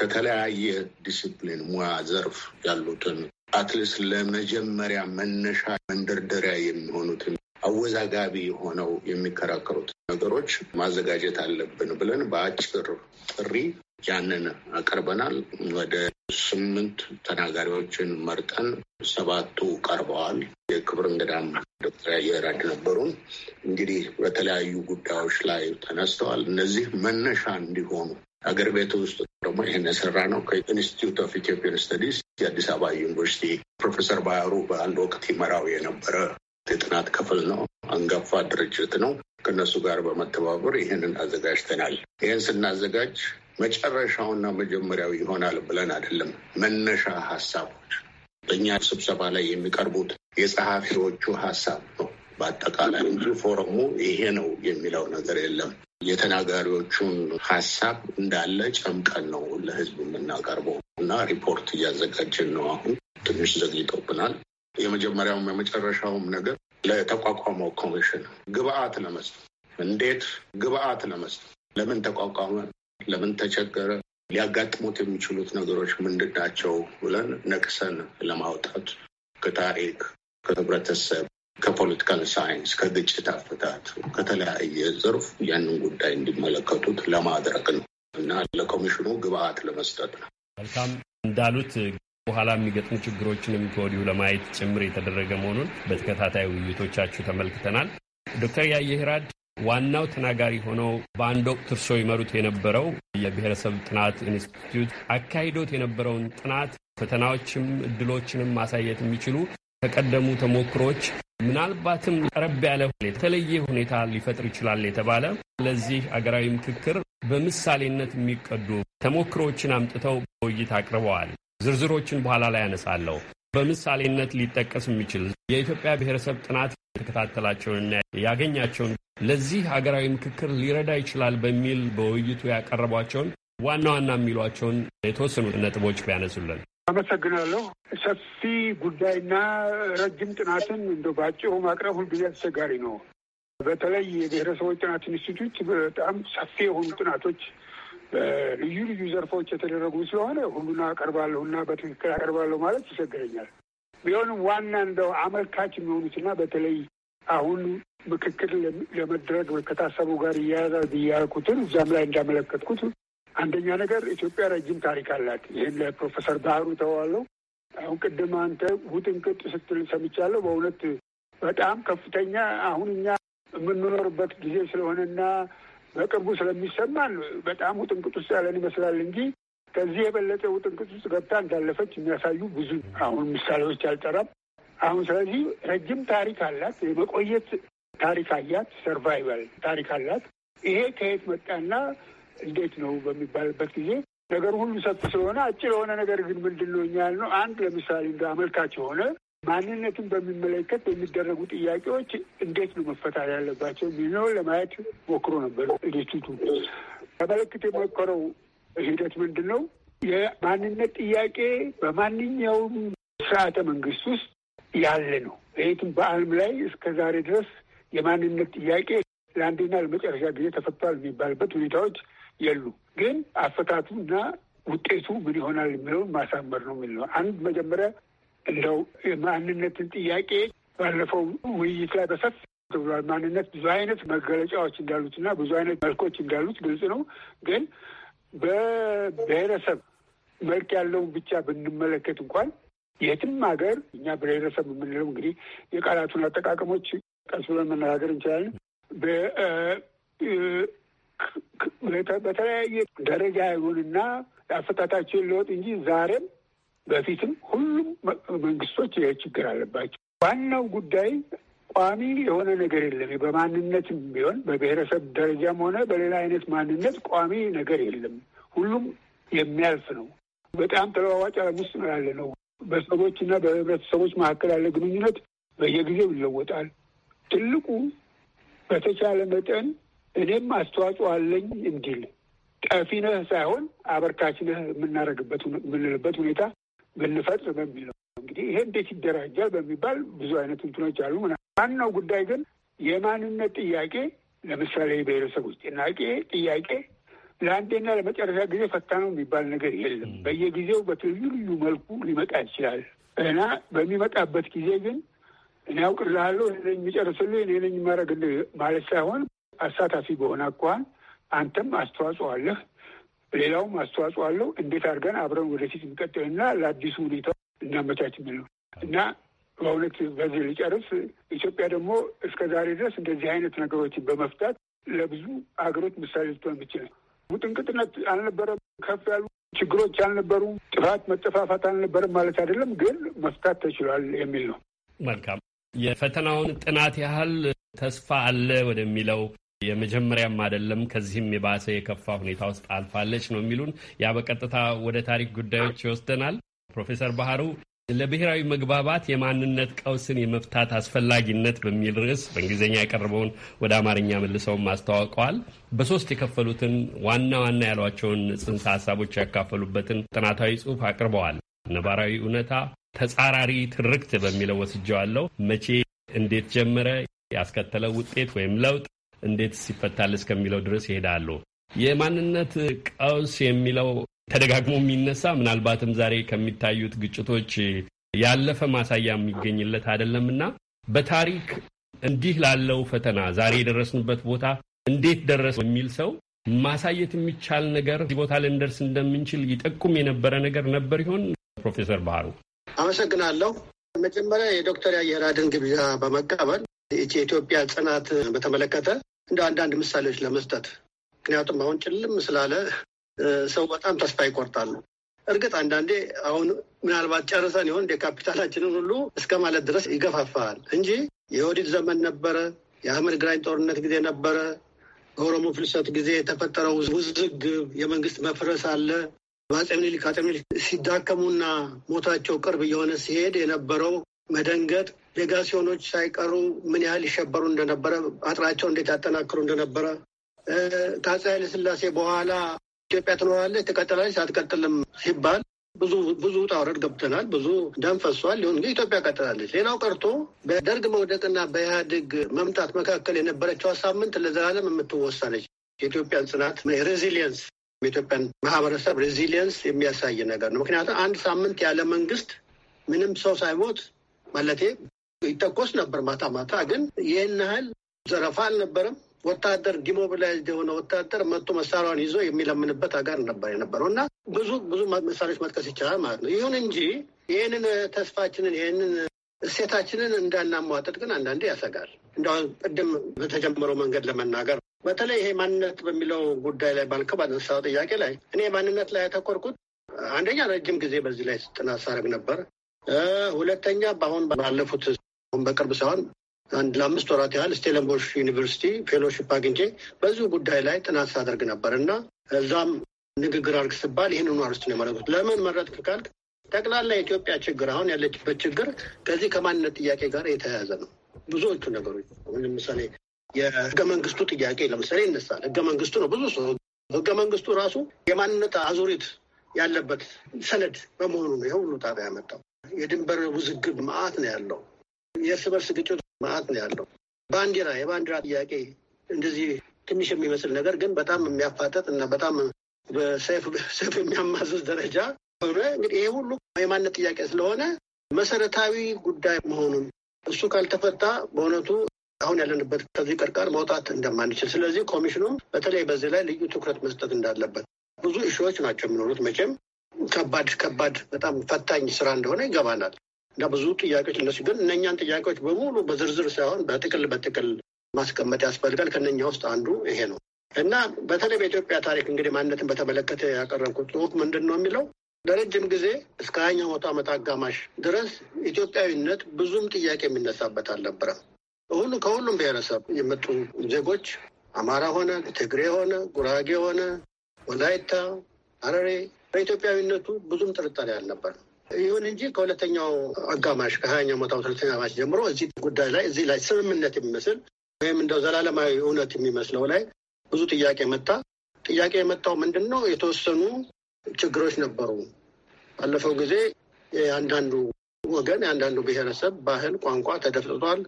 ከተለያየ ዲሲፕሊን ሙያ ዘርፍ ያሉትን አትሊስት ለመጀመሪያ መነሻ መንደርደሪያ የሚሆኑትን አወዛጋቢ የሆነው የሚከራከሩት ነገሮች ማዘጋጀት አለብን ብለን በአጭር ጥሪ ያንን አቀርበናል። ወደ ስምንት ተናጋሪዎችን መርጠን ሰባቱ ቀርበዋል። የክብር እንግዳም ዶክተር አየራድ ነበሩን። እንግዲህ በተለያዩ ጉዳዮች ላይ ተነስተዋል። እነዚህ መነሻ እንዲሆኑ አገር ቤት ውስጥ ደግሞ ይህን የሰራ ነው ከኢንስቲትዩት ኦፍ ኢትዮጵያን ስተዲስ የአዲስ አበባ ዩኒቨርሲቲ ፕሮፌሰር ባህሩ በአንድ ወቅት ይመራው የነበረ የጥናት ክፍል ነው። አንጋፋ ድርጅት ነው። ከነሱ ጋር በመተባበር ይህንን አዘጋጅተናል። ይህን ስናዘጋጅ መጨረሻውና መጀመሪያው ይሆናል ብለን አይደለም። መነሻ ሀሳቦች በእኛ ስብሰባ ላይ የሚቀርቡት የጸሐፊዎቹ ሀሳብ ነው በአጠቃላይ እንጂ ፎረሙ ይሄ ነው የሚለው ነገር የለም። የተናጋሪዎቹን ሀሳብ እንዳለ ጨምቀን ነው ለህዝብ የምናቀርበው እና ሪፖርት እያዘጋጀን ነው። አሁን ትንሽ ዘግይቶብናል። የመጀመሪያውም የመጨረሻውም ነገር ለተቋቋመው ኮሚሽን ግብአት ለመስጠት እንዴት ግብአት ለመስጠት ለምን ተቋቋመ፣ ለምን ተቸገረ፣ ሊያጋጥሙት የሚችሉት ነገሮች ምንድን ናቸው ብለን ነቅሰን ለማውጣት ከታሪክ ከህብረተሰብ ከፖለቲካል ሳይንስ፣ ከግጭት አፈታት፣ ከተለያየ ዘርፍ ያንን ጉዳይ እንዲመለከቱት ለማድረግ ነው እና ለኮሚሽኑ ግብአት ለመስጠት ነው። መልካም እንዳሉት በኋላ የሚገጥሙ ችግሮችንም ከወዲሁ ለማየት ጭምር የተደረገ መሆኑን በተከታታይ ውይይቶቻችሁ ተመልክተናል። ዶክተር ያየህራድ ዋናው ተናጋሪ ሆነው በአንድ ወቅት እርሶ ይመሩት የነበረው የብሔረሰብ ጥናት ኢንስቲትዩት አካሂዶት የነበረውን ጥናት ፈተናዎችም እድሎችንም ማሳየት የሚችሉ ከቀደሙ ተሞክሮች ምናልባትም ቀረብ ያለ የተለየ ሁኔታ ሊፈጥር ይችላል የተባለ ለዚህ አገራዊ ምክክር በምሳሌነት የሚቀዱ ተሞክሮዎችን አምጥተው በውይይት አቅርበዋል። ዝርዝሮችን በኋላ ላይ ያነሳለሁ። በምሳሌነት ሊጠቀስ የሚችል የኢትዮጵያ ብሔረሰብ ጥናት የተከታተላቸውንና ያገኛቸውን ለዚህ ሀገራዊ ምክክር ሊረዳ ይችላል በሚል በውይይቱ ያቀረቧቸውን ዋና ዋና የሚሏቸውን የተወሰኑ ነጥቦች ቢያነሱልን። አመሰግናለሁ። ሰፊ ጉዳይና ረጅም ጥናትን እንደ በአጭሩ ማቅረብ ሁልጊዜ አስቸጋሪ ነው። በተለይ የብሔረሰቦች ጥናት ኢንስቲትዩት በጣም ሰፊ የሆኑ ጥናቶች በልዩ ልዩ ዘርፎች የተደረጉ ስለሆነ ሁሉን አቀርባለሁ እና በትክክል አቀርባለሁ ማለት ይቸግረኛል። ቢሆንም ዋና እንደው አመልካች የሚሆኑትና በተለይ አሁን ምክክር ለመድረግ ከታሰቡ ጋር እያያዛል ብዬ ያልኩትን እዛም ላይ እንዳመለከትኩት አንደኛ ነገር ኢትዮጵያ ረጅም ታሪክ አላት። ይህን ለፕሮፌሰር ባህሩ ተዋለው አሁን ቅድም አንተ ውጥንቅጥ ስትል ሰምቻለሁ። በእውነት በጣም ከፍተኛ አሁን እኛ የምንኖርበት ጊዜ ስለሆነና በቅርቡ ስለሚሰማን በጣም ውጥንቅጥ ውስጥ ያለን ይመስላል እንጂ ከዚህ የበለጠ ውጥንቅጥ ውስጥ ገብታ እንዳለፈች የሚያሳዩ ብዙ አሁን ምሳሌዎች አልጠራም። አሁን ስለዚህ ረጅም ታሪክ አላት፣ የመቆየት ታሪክ አያት፣ ሰርቫይቫል ታሪክ አላት። ይሄ ከየት መጣና እንዴት ነው በሚባልበት ጊዜ ነገር ሁሉ ሰጥ ስለሆነ አጭር የሆነ ነገር ግን ምንድን ነው እኛ ያልነው አንድ ለምሳሌ እንደ አመልካች የሆነ ማንነትን በሚመለከት የሚደረጉ ጥያቄዎች እንዴት ነው መፈታት ያለባቸው የሚለውን ለማየት ሞክሮ ነበር። ኢንስቲቱቱ ተመለክት የሞከረው ሂደት ምንድን ነው? የማንነት ጥያቄ በማንኛውም ስርዓተ መንግስት ውስጥ ያለ ነው። ይህትም በዓለም ላይ እስከ ዛሬ ድረስ የማንነት ጥያቄ ለአንዴና ለመጨረሻ ጊዜ ተፈቷል የሚባልበት ሁኔታዎች የሉ። ግን አፈታቱና ውጤቱ ምን ይሆናል የሚለውን ማሳመር ነው የሚል ነው። አንድ መጀመሪያ እንደው የማንነትን ጥያቄ ባለፈው ውይይት ላይ በሰፊ ተብሏል። ማንነት ብዙ አይነት መገለጫዎች እንዳሉትና ብዙ አይነት መልኮች እንዳሉት ግልጽ ነው። ግን በብሔረሰብ መልክ ያለውን ብቻ ብንመለከት እንኳን የትም ሀገር እኛ ብሔረሰብ የምንለው እንግዲህ የቃላቱን አጠቃቀሞች ቀስ ብለን መነጋገር እንችላለን። በተለያየ ደረጃ ይሁንና አፈጣጣቸው ለውጥ እንጂ ዛሬም በፊትም ሁሉም መንግስቶች ይህ ችግር አለባቸው። ዋናው ጉዳይ ቋሚ የሆነ ነገር የለም። በማንነትም ቢሆን በብሔረሰብ ደረጃም ሆነ በሌላ አይነት ማንነት ቋሚ ነገር የለም። ሁሉም የሚያልፍ ነው። በጣም ተለዋዋጭ ዓለም ውስጥ ነው ያለ ነው። በሰዎች እና በህብረተሰቦች መካከል ያለ ግንኙነት በየጊዜው ይለወጣል። ትልቁ በተቻለ መጠን እኔም አስተዋጽኦ አለኝ እንዲል ጠፊ ነህ ሳይሆን አበርካች ነህ የምናደርግበት የምንልበት ሁኔታ ብንፈጥር በሚለው እንግዲህ ይሄ እንዴት ይደራጃል በሚባል ብዙ አይነት እንትኖች አሉ። ዋናው ጉዳይ ግን የማንነት ጥያቄ ለምሳሌ የብሔረሰቦች ጥያቄ ጥያቄ ለአንዴና ለመጨረሻ ጊዜ ፈታ ነው የሚባል ነገር የለም። በየጊዜው በትልዩ ልዩ መልኩ ሊመጣ ይችላል እና በሚመጣበት ጊዜ ግን እኔ አውቅልሃለሁ፣ እኔ ነኝ የሚጨርስልህ፣ እኔ ነኝ የማደርግልህ ማለት ሳይሆን አሳታፊ በሆነ አኳኋን አንተም አስተዋጽኦ አለህ፣ ሌላውም አስተዋጽኦ አለው። እንዴት አድርገን አብረን ወደፊት እንቀጥልና ለአዲሱ ሁኔታ እናመቻች የሚል ነው እና በእውነት በዚህ ልጨርስ። ኢትዮጵያ ደግሞ እስከ ዛሬ ድረስ እንደዚህ አይነት ነገሮችን በመፍታት ለብዙ ሀገሮች ምሳሌ ልትሆን የምችል ውጥንቅጥነት አልነበረም። ከፍ ያሉ ችግሮች አልነበሩም። ጥፋት መጠፋፋት አልነበረም ማለት አይደለም፣ ግን መፍታት ተችሏል የሚል ነው። መልካም የፈተናውን ጥናት ያህል ተስፋ አለ ወደሚለው የመጀመሪያም አይደለም ከዚህም የባሰ የከፋ ሁኔታ ውስጥ አልፋለች ነው የሚሉን። ያ በቀጥታ ወደ ታሪክ ጉዳዮች ይወስደናል። ፕሮፌሰር ባህሩ ለብሔራዊ መግባባት የማንነት ቀውስን የመፍታት አስፈላጊነት በሚል ርዕስ በእንግሊዝኛ የቀረበውን ወደ አማርኛ መልሰውም አስተዋውቀዋል። በሶስት የከፈሉትን ዋና ዋና ያሏቸውን ጽንሰ ሀሳቦች ያካፈሉበትን ጥናታዊ ጽሑፍ አቅርበዋል። ነባራዊ እውነታ፣ ተጻራሪ ትርክት በሚለው ወስጀዋለሁ። መቼ እንዴት ጀመረ፣ ያስከተለው ውጤት ወይም ለውጥ እንዴት ሲፈታል እስከሚለው ድረስ ይሄዳሉ። የማንነት ቀውስ የሚለው ተደጋግሞ የሚነሳ ምናልባትም ዛሬ ከሚታዩት ግጭቶች ያለፈ ማሳያ የሚገኝለት እና በታሪክ እንዲህ ላለው ፈተና ዛሬ የደረስንበት ቦታ እንዴት ደረስ የሚል ሰው ማሳየት የሚቻል ነገር እዚህ ቦታ ልንደርስ እንደምንችል ይጠቁም የነበረ ነገር ነበር ይሆን? ፕሮፌሰር ባህሩ አመሰግናለሁ። መጀመሪያ የዶክተር አየራድን ግብዣ በመቀበል የኢትዮጵያ ጽናት በተመለከተ እንደ አንዳንድ ምሳሌዎች ለመስጠት ምክንያቱም አሁን ጭልም ስላለ ሰው በጣም ተስፋ ይቆርጣሉ። እርግጥ አንዳንዴ አሁን ምናልባት ጨርሰን ይሆን እንደ ካፒታላችንን ሁሉ እስከ ማለት ድረስ ይገፋፋል እንጂ የወዲድ ዘመን ነበረ፣ የአህመድ ግራኝ ጦርነት ጊዜ ነበረ፣ በኦሮሞ ፍልሰት ጊዜ የተፈጠረው ውዝግብ፣ የመንግስት መፍረስ አለ። በአፄ ምኒልክ አፄ ምኒልክ ሲዳከሙና ሞታቸው ቅርብ እየሆነ ሲሄድ የነበረው መደንገጥ ሌጋሲዮኖች ሳይቀሩ ምን ያህል ይሸበሩ እንደነበረ አጥራቸው እንዴት ያጠናክሩ እንደነበረ ከአፄ ኃይለ በኋላ ኢትዮጵያ ትኖራለች ትቀጥላለች አትቀጥልም ሲባል ብዙ ብዙ ውጣ ውረድ ገብተናል። ብዙ ደም ፈሷል። ሊሆን ግን ኢትዮጵያ ቀጥላለች። ሌላው ቀርቶ በደርግ መውደቅና በኢህአዴግ መምጣት መካከል የነበረችው ሳምንት ለዘላለም የምትወሳነች የኢትዮጵያን ጽናት ሬዚሊየንስ የኢትዮጵያን ማህበረሰብ ሬዚሊየንስ የሚያሳይ ነገር ነው። ምክንያቱም አንድ ሳምንት ያለ መንግስት ምንም ሰው ሳይሞት ማለቴ ይተኮስ ነበር ማታ ማታ። ግን ይህን ያህል ዘረፋ አልነበረም። ወታደር ዲሞቢላይዝድ የሆነ ወታደር መጥቶ መሳሪያውን ይዞ የሚለምንበት ሀገር ነበር የነበረው እና ብዙ ብዙ መሳሪያዎች መጥቀስ ይቻላል ማለት ነው። ይሁን እንጂ ይህንን ተስፋችንን ይህንን እሴታችንን እንዳናሟጠጥ ግን አንዳንዴ ያሰጋል። እንደው ቅድም በተጀመረው መንገድ ለመናገር በተለይ ይሄ ማንነት በሚለው ጉዳይ ላይ ባልከው ባነሳው ጥያቄ ላይ እኔ ማንነት ላይ ያተኮርኩት አንደኛ ረጅም ጊዜ በዚህ ላይ ጥናት ነበር። ሁለተኛ በአሁን ባለፉት አሁን በቅርብ ሳይሆን አንድ ለአምስት ወራት ያህል ስቴለንቦሽ ዩኒቨርሲቲ ፌሎሽፕ አግኝቼ በዚሁ ጉዳይ ላይ ጥናት ሳደርግ ነበር እና እዛም ንግግር አድርግ ስባል ይህንኑ አርስት ነው የመረጥኩት። ለምን መረጥክ ካልክ ጠቅላላ የኢትዮጵያ ችግር አሁን ያለችበት ችግር ከዚህ ከማንነት ጥያቄ ጋር የተያያዘ ነው። ብዙዎቹ ነገሮች ለምሳሌ የህገ መንግስቱ ጥያቄ ለምሳሌ ይነሳል። ህገ መንግስቱ ነው ብዙ ሰው ህገ መንግስቱ ራሱ የማንነት አዙሪት ያለበት ሰነድ በመሆኑ ነው የሁሉ ጣቢያ ያመጣው። የድንበር ውዝግብ መዓት ነው ያለው። የእርስ በርስ ግጭት መዓት ነው ያለው። ባንዲራ የባንዲራ ጥያቄ እንደዚህ ትንሽ የሚመስል ነገር ግን በጣም የሚያፋጠጥ እና በጣም በሰይፍ የሚያማዝዝ ደረጃ ሆነ። እንግዲህ ይሄ ሁሉ የማንነት ጥያቄ ስለሆነ መሰረታዊ ጉዳይ መሆኑን እሱ ካልተፈታ በእውነቱ አሁን ያለንበት ከዚህ ቀርቃር መውጣት እንደማንችል፣ ስለዚህ ኮሚሽኑም በተለይ በዚህ ላይ ልዩ ትኩረት መስጠት እንዳለበት ብዙ እሺዎች ናቸው የሚኖሩት መቼም ከባድ ከባድ በጣም ፈታኝ ስራ እንደሆነ ይገባናል። እና ብዙ ጥያቄዎች እነሱ ግን እነኛን ጥያቄዎች በሙሉ በዝርዝር ሳይሆን በጥቅል በጥቅል ማስቀመጥ ያስፈልጋል። ከነኛ ውስጥ አንዱ ይሄ ነው እና በተለይ በኢትዮጵያ ታሪክ እንግዲህ ማንነትን በተመለከተ ያቀረብኩት ጽሁፍ ምንድን ነው የሚለው ለረጅም ጊዜ እስከ ሀያኛው መቶ ዓመት አጋማሽ ድረስ ኢትዮጵያዊነት ብዙም ጥያቄ የሚነሳበት አልነበረም። ሁሉ ከሁሉም ብሔረሰብ የመጡ ዜጎች አማራ ሆነ፣ ትግሬ ሆነ፣ ጉራጌ ሆነ፣ ወላይታ፣ አረሬ በኢትዮጵያዊነቱ ብዙም ጥርጣሬ አልነበረም። ይሁን እንጂ ከሁለተኛው አጋማሽ ከሀያኛው መቶ ሁለተኛ አጋማሽ ጀምሮ እዚህ ጉዳይ ላይ እዚህ ላይ ስምምነት የሚመስል ወይም እንደው ዘላለማዊ እውነት የሚመስለው ላይ ብዙ ጥያቄ መጣ። ጥያቄ የመጣው ምንድን ነው? የተወሰኑ ችግሮች ነበሩ። ባለፈው ጊዜ የአንዳንዱ ወገን የአንዳንዱ ብሔረሰብ ባህል፣ ቋንቋ ተደፍጥቷል፣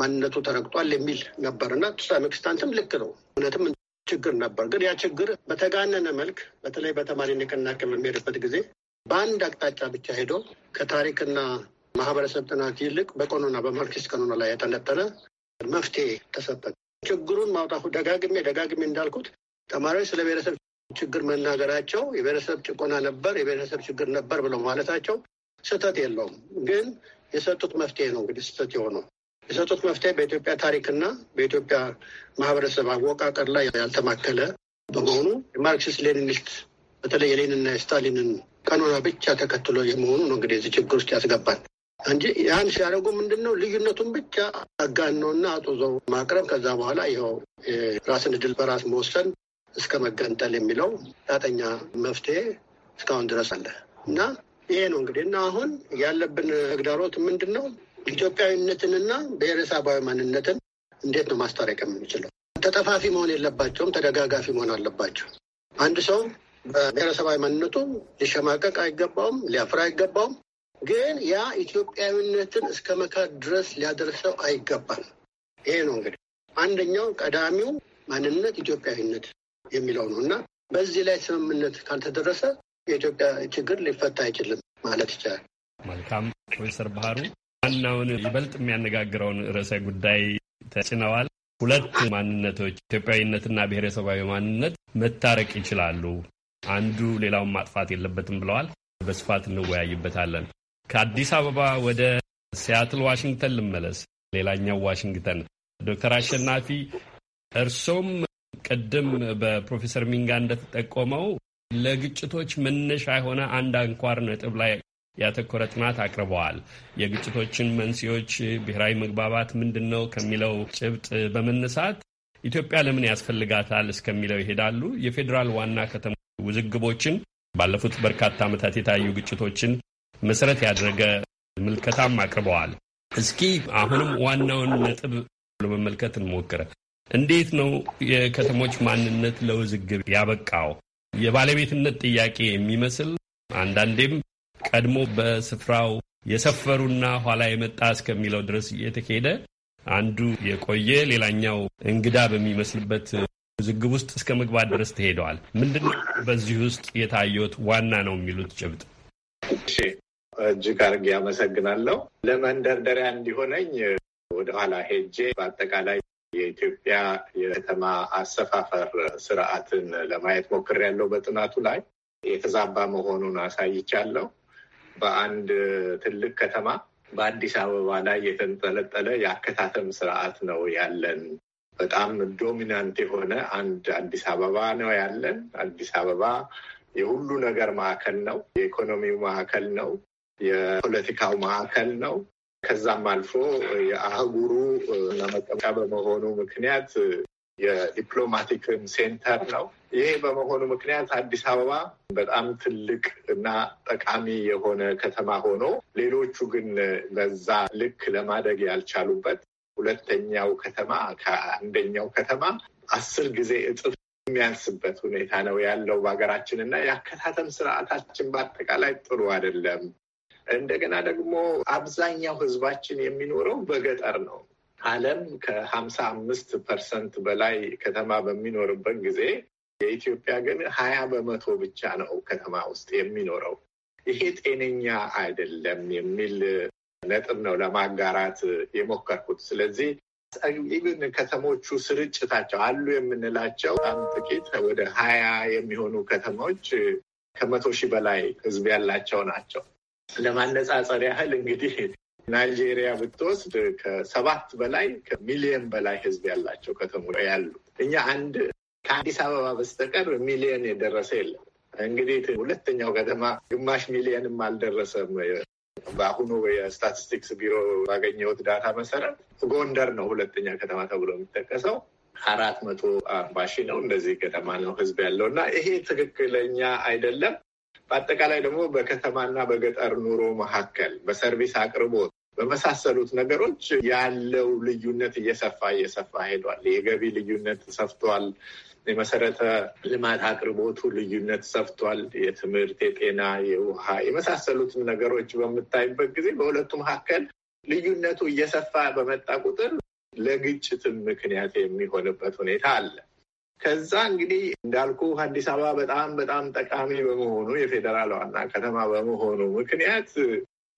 ማንነቱ ተረግጧል የሚል ነበር እና ሳሚክስታንትም ልክ ነው እውነትም ችግር ነበር። ግን ያ ችግር በተጋነነ መልክ በተለይ በተማሪ ንቅናቄ በሚሄድበት ጊዜ በአንድ አቅጣጫ ብቻ ሄዶ ከታሪክና ማህበረሰብ ጥናት ይልቅ በቀኖና በማርክስ ቀኖና ላይ ያጠነጠነ መፍትሄ ተሰጠ። ችግሩን ማውጣቱ ደጋግሜ ደጋግሜ እንዳልኩት ተማሪዎች ስለ ብሔረሰብ ችግር መናገራቸው የብሔረሰብ ጭቆና ነበር፣ የብሔረሰብ ችግር ነበር ብለው ማለታቸው ስህተት የለውም። ግን የሰጡት መፍትሄ ነው እንግዲህ ስህተት የሆነው የሰጡት መፍትሄ በኢትዮጵያ ታሪክና በኢትዮጵያ ማህበረሰብ አወቃቀር ላይ ያልተማከለ በመሆኑ የማርክሲስት ሌኒኒስት በተለይ የሌንና የስታሊንን ቀኖና ብቻ ተከትሎ የመሆኑ ነው እንግዲህ እዚህ ችግር ውስጥ ያስገባል እንጂ ያን ሲያደርጉ ምንድን ነው ልዩነቱን ብቻ አጋኖና አጡዘው ማቅረብ ከዛ በኋላ ይኸው ራስን እድል በራስ መወሰን እስከ መገንጠል የሚለው ጣጠኛ መፍትሄ እስካሁን ድረስ አለ እና ይሄ ነው እንግዲህ እና አሁን ያለብን ተግዳሮት ምንድን ነው? ኢትዮጵያዊነትንና ብሔረሰባዊ ማንነትን እንዴት ነው ማስታረቅ የምንችለው? ተጠፋፊ መሆን የለባቸውም፣ ተደጋጋፊ መሆን አለባቸው። አንድ ሰው በብሔረሰባዊ ማንነቱ ሊሸማቀቅ አይገባውም፣ ሊያፍራ አይገባውም። ግን ያ ኢትዮጵያዊነትን እስከ መካድ ድረስ ሊያደርሰው አይገባም። ይሄ ነው እንግዲህ አንደኛው ቀዳሚው ማንነት ኢትዮጵያዊነት የሚለው ነው እና በዚህ ላይ ስምምነት ካልተደረሰ የኢትዮጵያ ችግር ሊፈታ አይችልም ማለት ይቻላል። መልካም ፕሮፌሰር ባህሩ ዋናውን ይበልጥ የሚያነጋግረውን ርዕሰ ጉዳይ ተጭነዋል። ሁለት ማንነቶች ኢትዮጵያዊነትና ብሔረሰባዊ ማንነት መታረቅ ይችላሉ። አንዱ ሌላውን ማጥፋት የለበትም ብለዋል። በስፋት እንወያይበታለን። ከአዲስ አበባ ወደ ሲያትል ዋሽንግተን ልመለስ። ሌላኛው ዋሽንግተን ዶክተር አሸናፊ እርሶም ቅድም በፕሮፌሰር ሚንጋ እንደተጠቆመው ለግጭቶች መነሻ የሆነ አንድ አንኳር ነጥብ ላይ ያተኮረ ጥናት አቅርበዋል። የግጭቶችን መንስኤዎች ብሔራዊ መግባባት ምንድን ነው ከሚለው ጭብጥ በመነሳት ኢትዮጵያ ለምን ያስፈልጋታል እስከሚለው ይሄዳሉ። የፌዴራል ዋና ከተማ ውዝግቦችን፣ ባለፉት በርካታ ዓመታት የታዩ ግጭቶችን መሰረት ያደረገ ምልከታም አቅርበዋል። እስኪ አሁንም ዋናውን ነጥብ ለመመልከት እንሞክረ። እንዴት ነው የከተሞች ማንነት ለውዝግብ ያበቃው? የባለቤትነት ጥያቄ የሚመስል አንዳንዴም ቀድሞ በስፍራው የሰፈሩና ኋላ የመጣ እስከሚለው ድረስ የተካሄደ አንዱ የቆየ ሌላኛው እንግዳ በሚመስልበት ውዝግብ ውስጥ እስከ መግባት ድረስ ተሄደዋል። ምንድን በዚህ ውስጥ የታየት ዋና ነው የሚሉት ጭብጥ? እሺ፣ እጅግ አድርጌ አመሰግናለሁ። ለመንደርደሪያ እንዲሆነኝ ወደኋላ ሄጄ በአጠቃላይ የኢትዮጵያ የከተማ አሰፋፈር ስርዓትን ለማየት ሞክሬያለሁ። በጥናቱ ላይ የተዛባ መሆኑን አሳይቻለሁ። በአንድ ትልቅ ከተማ በአዲስ አበባ ላይ የተንጠለጠለ የአከታተም ስርዓት ነው ያለን በጣም ዶሚናንት የሆነ አንድ አዲስ አበባ ነው ያለን። አዲስ አበባ የሁሉ ነገር ማዕከል ነው። የኢኮኖሚው ማዕከል ነው። የፖለቲካው ማዕከል ነው። ከዛም አልፎ የአህጉሩ መቀመጫ በመሆኑ ምክንያት የዲፕሎማቲክ ሴንተር ነው። ይሄ በመሆኑ ምክንያት አዲስ አበባ በጣም ትልቅ እና ጠቃሚ የሆነ ከተማ ሆኖ ሌሎቹ ግን በዛ ልክ ለማደግ ያልቻሉበት ሁለተኛው ከተማ ከአንደኛው ከተማ አስር ጊዜ እጥፍ የሚያንስበት ሁኔታ ነው ያለው በሀገራችን እና የአከታተም ስርዓታችን በአጠቃላይ ጥሩ አይደለም። እንደገና ደግሞ አብዛኛው ህዝባችን የሚኖረው በገጠር ነው። ዓለም ከሀምሳ አምስት ፐርሰንት በላይ ከተማ በሚኖርበት ጊዜ የኢትዮጵያ ግን ሀያ በመቶ ብቻ ነው ከተማ ውስጥ የሚኖረው። ይሄ ጤነኛ አይደለም የሚል ነጥብ ነው ለማጋራት የሞከርኩት። ስለዚህ ኢቨን ከተሞቹ ስርጭታቸው አሉ የምንላቸው በጣም ጥቂት ወደ ሀያ የሚሆኑ ከተሞች ከመቶ ሺህ በላይ ህዝብ ያላቸው ናቸው። ለማነጻጸር ያህል እንግዲህ ናይጄሪያ ብትወስድ ከሰባት በላይ ከሚሊየን በላይ ህዝብ ያላቸው ከተሞች ያሉ እኛ አንድ ከአዲስ አበባ በስተቀር ሚሊየን የደረሰ የለም። እንግዲህ ሁለተኛው ከተማ ግማሽ ሚሊየንም አልደረሰም በአሁኑ የስታቲስቲክስ ቢሮ ባገኘሁት ዳታ መሰረት ጎንደር ነው ሁለተኛ ከተማ ተብሎ የሚጠቀሰው አራት መቶ አርባ ሺህ ነው እንደዚህ ከተማ ነው ህዝብ ያለው እና ይሄ ትክክለኛ አይደለም። በአጠቃላይ ደግሞ በከተማና በገጠር ኑሮ መካከል በሰርቪስ አቅርቦት በመሳሰሉት ነገሮች ያለው ልዩነት እየሰፋ እየሰፋ ሄዷል። የገቢ ልዩነት ሰፍቷል። የመሰረተ ልማት አቅርቦቱ ልዩነት ሰፍቷል። የትምህርት፣ የጤና፣ የውሃ የመሳሰሉትም ነገሮች በምታይበት ጊዜ በሁለቱ መካከል ልዩነቱ እየሰፋ በመጣ ቁጥር ለግጭትም ምክንያት የሚሆንበት ሁኔታ አለ። ከዛ እንግዲህ እንዳልኩ አዲስ አበባ በጣም በጣም ጠቃሚ በመሆኑ የፌዴራል ዋና ከተማ በመሆኑ ምክንያት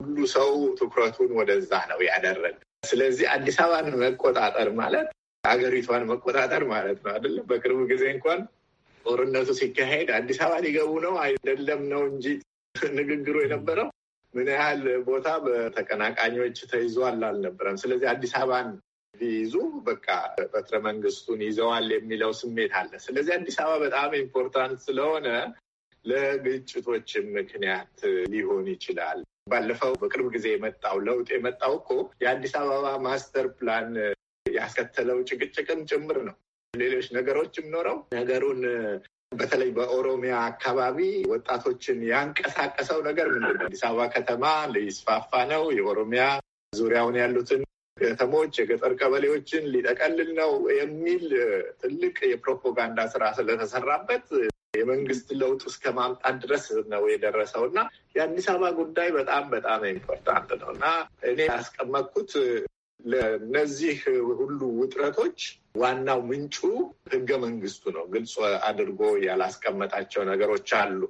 ሁሉ ሰው ትኩረቱን ወደዛ ነው ያደረገ። ስለዚህ አዲስ አበባን መቆጣጠር ማለት ሀገሪቷን መቆጣጠር ማለት ነው አይደለም። በቅርቡ ጊዜ እንኳን ጦርነቱ ሲካሄድ አዲስ አበባ ሊገቡ ነው አይደለም ነው እንጂ ንግግሩ የነበረው ምን ያህል ቦታ በተቀናቃኞች ተይዟል አልነበረም። ስለዚህ አዲስ አበባን ቢይዙ በቃ በትረ መንግስቱን ይዘዋል የሚለው ስሜት አለ። ስለዚህ አዲስ አበባ በጣም ኢምፖርታንት ስለሆነ ለግጭቶች ምክንያት ሊሆን ይችላል። ባለፈው በቅርብ ጊዜ የመጣው ለውጥ የመጣው እኮ የአዲስ አበባ ማስተር ፕላን ያስከተለው ጭቅጭቅም ጭምር ነው። ሌሎች ነገሮችም ኖረው ነገሩን በተለይ በኦሮሚያ አካባቢ ወጣቶችን ያንቀሳቀሰው ነገር ምንድን ነው? አዲስ አበባ ከተማ ሊስፋፋ ነው። የኦሮሚያ ዙሪያውን ያሉትን ከተሞች የገጠር ቀበሌዎችን ሊጠቀልል ነው የሚል ትልቅ የፕሮፓጋንዳ ስራ ስለተሰራበት የመንግስት ለውጥ እስከ ማምጣት ድረስ ነው የደረሰው እና የአዲስ አበባ ጉዳይ በጣም በጣም ኢምፖርታንት ነው እና እኔ ያስቀመጥኩት ለነዚህ ሁሉ ውጥረቶች ዋናው ምንጩ ህገ መንግስቱ ነው። ግልጽ አድርጎ ያላስቀመጣቸው ነገሮች አሉ።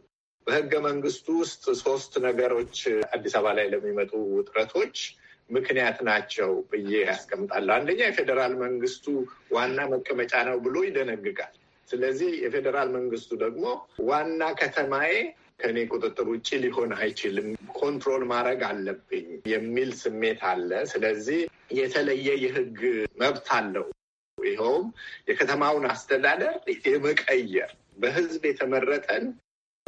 በህገ መንግስቱ ውስጥ ሶስት ነገሮች አዲስ አበባ ላይ ለሚመጡ ውጥረቶች ምክንያት ናቸው ብዬ ያስቀምጣለሁ። አንደኛ የፌዴራል መንግስቱ ዋና መቀመጫ ነው ብሎ ይደነግጋል። ስለዚህ የፌዴራል መንግስቱ ደግሞ ዋና ከተማዬ ከኔ ቁጥጥር ውጭ ሊሆን አይችልም፣ ኮንትሮል ማድረግ አለብኝ የሚል ስሜት አለ። ስለዚህ የተለየ የህግ መብት አለው። ይኸውም የከተማውን አስተዳደር የመቀየር በህዝብ የተመረጠን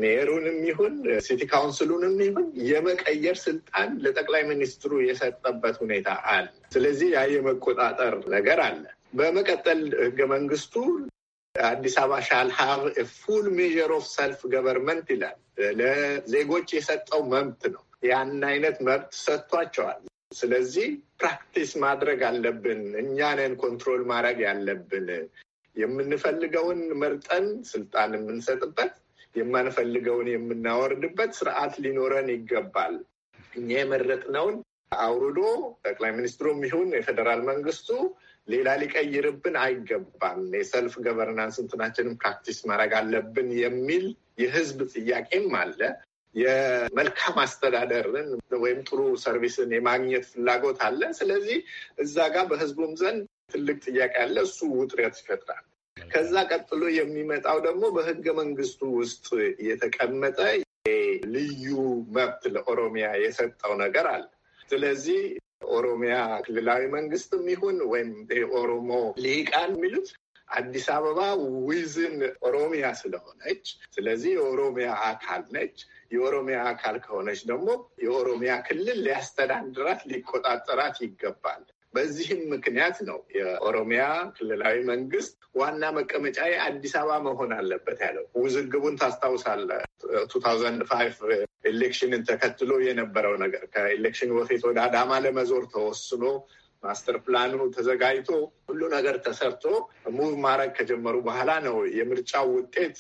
ሜየሩንም ይሁን ሲቲ ካውንስሉንም ይሁን የመቀየር ስልጣን ለጠቅላይ ሚኒስትሩ የሰጠበት ሁኔታ አለ። ስለዚህ ያ የመቆጣጠር ነገር አለ። በመቀጠል ህገ መንግስቱ አዲስ አበባ ሻል ሀቭ ፉል ሜዥር ኦፍ ሰልፍ ገቨርንመንት ይላል። ለዜጎች የሰጠው መብት ነው። ያን አይነት መብት ሰጥቷቸዋል። ስለዚህ ፕራክቲስ ማድረግ አለብን። እኛንን ኮንትሮል ማድረግ ያለብን የምንፈልገውን መርጠን ስልጣን የምንሰጥበት የማንፈልገውን የምናወርድበት ስርዓት ሊኖረን ይገባል። እኛ የመረጥነውን አውርዶ ጠቅላይ ሚኒስትሩም ይሁን የፌደራል መንግስቱ ሌላ ሊቀይርብን አይገባም። የሰልፍ ገቨርናንስ እንትናችንም ፕራክቲስ ማድረግ አለብን የሚል የህዝብ ጥያቄም አለ። የመልካም አስተዳደርን ወይም ጥሩ ሰርቪስን የማግኘት ፍላጎት አለ። ስለዚህ እዛ ጋር በህዝቡም ዘንድ ትልቅ ጥያቄ አለ። እሱ ውጥረት ይፈጥራል። ከዛ ቀጥሎ የሚመጣው ደግሞ በህገ መንግስቱ ውስጥ የተቀመጠ ልዩ መብት ለኦሮሚያ የሰጠው ነገር አለ። ስለዚህ ኦሮሚያ ክልላዊ መንግስትም ይሁን ወይም የኦሮሞ ልሂቃን የሚሉት አዲስ አበባ ዊዝን ኦሮሚያ ስለሆነች ስለዚህ የኦሮሚያ አካል ነች። የኦሮሚያ አካል ከሆነች ደግሞ የኦሮሚያ ክልል ሊያስተዳድራት ሊቆጣጠራት ይገባል። በዚህም ምክንያት ነው የኦሮሚያ ክልላዊ መንግስት ዋና መቀመጫ አዲስ አበባ መሆን አለበት ያለው። ውዝግቡን ታስታውሳለህ? ቱ ታውዘንድ ፋይቭ ተከትሎ የነበረው ነገር ከኢሌክሽን በፊት ወደ አዳማ ለመዞር ተወስኖ ማስተር ፕላኑ ተዘጋጅቶ ሁሉ ነገር ተሰርቶ ሙቭ ማድረግ ከጀመሩ በኋላ ነው የምርጫው ውጤት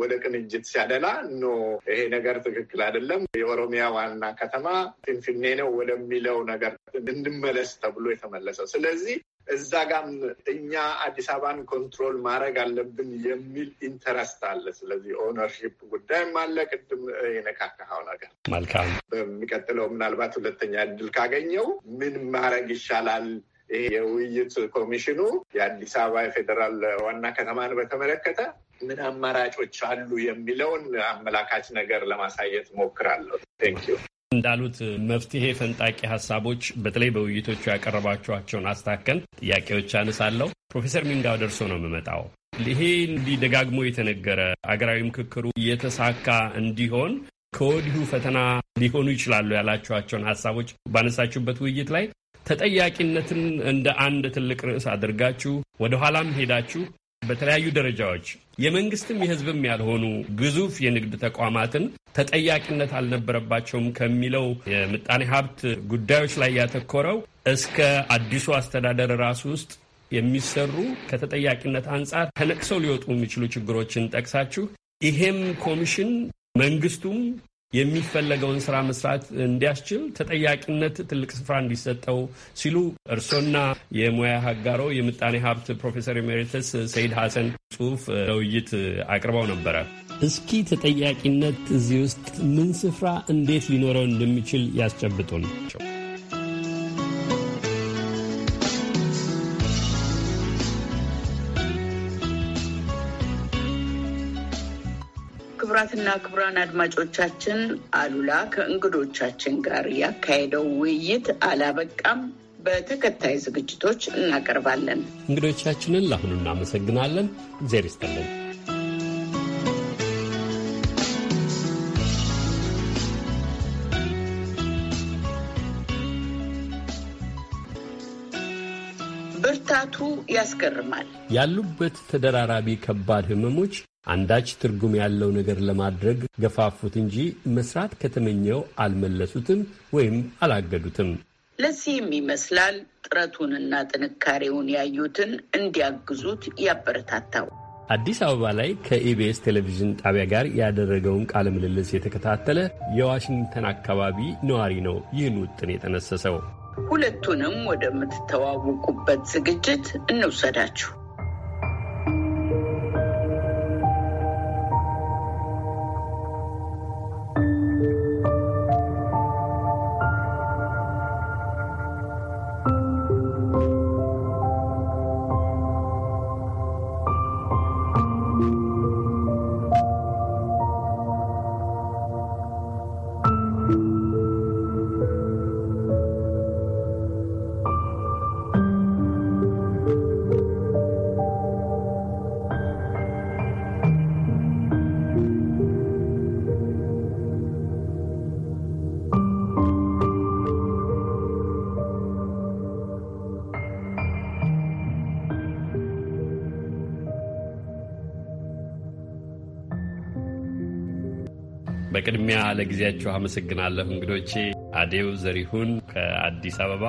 ወደ ቅንጅት ሲያደላ ኖ ይሄ ነገር ትክክል አይደለም፣ የኦሮሚያ ዋና ከተማ ፊንፊኔ ነው ወደሚለው ነገር እንድመለስ ተብሎ የተመለሰው። ስለዚህ እዛ ጋም እኛ አዲስ አበባን ኮንትሮል ማድረግ አለብን የሚል ኢንተረስት አለ። ስለዚህ ኦነርሺፕ ጉዳይም አለ። ቅድም የነካካኸው ነገር መልካም። በሚቀጥለው ምናልባት ሁለተኛ እድል ካገኘው ምን ማድረግ ይሻላል ይሄ የውይይት ኮሚሽኑ የአዲስ አበባ የፌዴራል ዋና ከተማን በተመለከተ ምን አማራጮች አሉ የሚለውን አመላካች ነገር ለማሳየት ሞክራለሁ። ቴንክ ዩ እንዳሉት መፍትሄ ፈንጣቂ ሀሳቦች በተለይ በውይይቶቹ ያቀረባቸዋቸውን አስታከን ጥያቄዎች አነሳለሁ። ፕሮፌሰር ሚንጋው ደርሶ ነው የምመጣው። ይሄ እንዲህ ደጋግሞ የተነገረ አገራዊ ምክክሩ የተሳካ እንዲሆን ከወዲሁ ፈተና ሊሆኑ ይችላሉ ያላቸዋቸውን ሀሳቦች ባነሳችሁበት ውይይት ላይ ተጠያቂነትን እንደ አንድ ትልቅ ርዕስ አድርጋችሁ ወደ ኋላም ሄዳችሁ በተለያዩ ደረጃዎች የመንግስትም የህዝብም ያልሆኑ ግዙፍ የንግድ ተቋማትን ተጠያቂነት አልነበረባቸውም ከሚለው የምጣኔ ሀብት ጉዳዮች ላይ ያተኮረው እስከ አዲሱ አስተዳደር ራሱ ውስጥ የሚሰሩ ከተጠያቂነት አንጻር ተነቅሰው ሊወጡ የሚችሉ ችግሮችን ጠቅሳችሁ ይሄም ኮሚሽን መንግስቱም የሚፈለገውን ስራ መስራት እንዲያስችል ተጠያቂነት ትልቅ ስፍራ እንዲሰጠው ሲሉ እርሶና የሙያ ሀጋሮ የምጣኔ ሀብት ፕሮፌሰር ኤሜሪተስ ሰይድ ሀሰን ጽሁፍ ለውይይት አቅርበው ነበረ። እስኪ ተጠያቂነት እዚህ ውስጥ ምን ስፍራ እንዴት ሊኖረው እንደሚችል ያስጨብጡን። ክቡራትና ክቡራን አድማጮቻችን አሉላ ከእንግዶቻችን ጋር ያካሄደው ውይይት አላበቃም። በተከታይ ዝግጅቶች እናቀርባለን። እንግዶቻችንን ለአሁኑ እናመሰግናለን። እግዜር ይስጥልን። ብርታቱ ያስገርማል። ያሉበት ተደራራቢ ከባድ ህመሞች አንዳች ትርጉም ያለው ነገር ለማድረግ ገፋፉት እንጂ መስራት ከተመኘው አልመለሱትም ወይም አላገዱትም። ለዚህም ይመስላል ጥረቱንና ጥንካሬውን ያዩትን እንዲያግዙት ያበረታታው። አዲስ አበባ ላይ ከኢቢኤስ ቴሌቪዥን ጣቢያ ጋር ያደረገውን ቃለ ምልልስ የተከታተለ የዋሽንግተን አካባቢ ነዋሪ ነው ይህን ውጥን የጠነሰሰው። ሁለቱንም ወደምትተዋወቁበት ዝግጅት እንውሰዳችሁ። ለጊዜያችሁ አመሰግናለሁ። እንግዶቼ አዴው ዘሪሁን ከአዲስ አበባ፣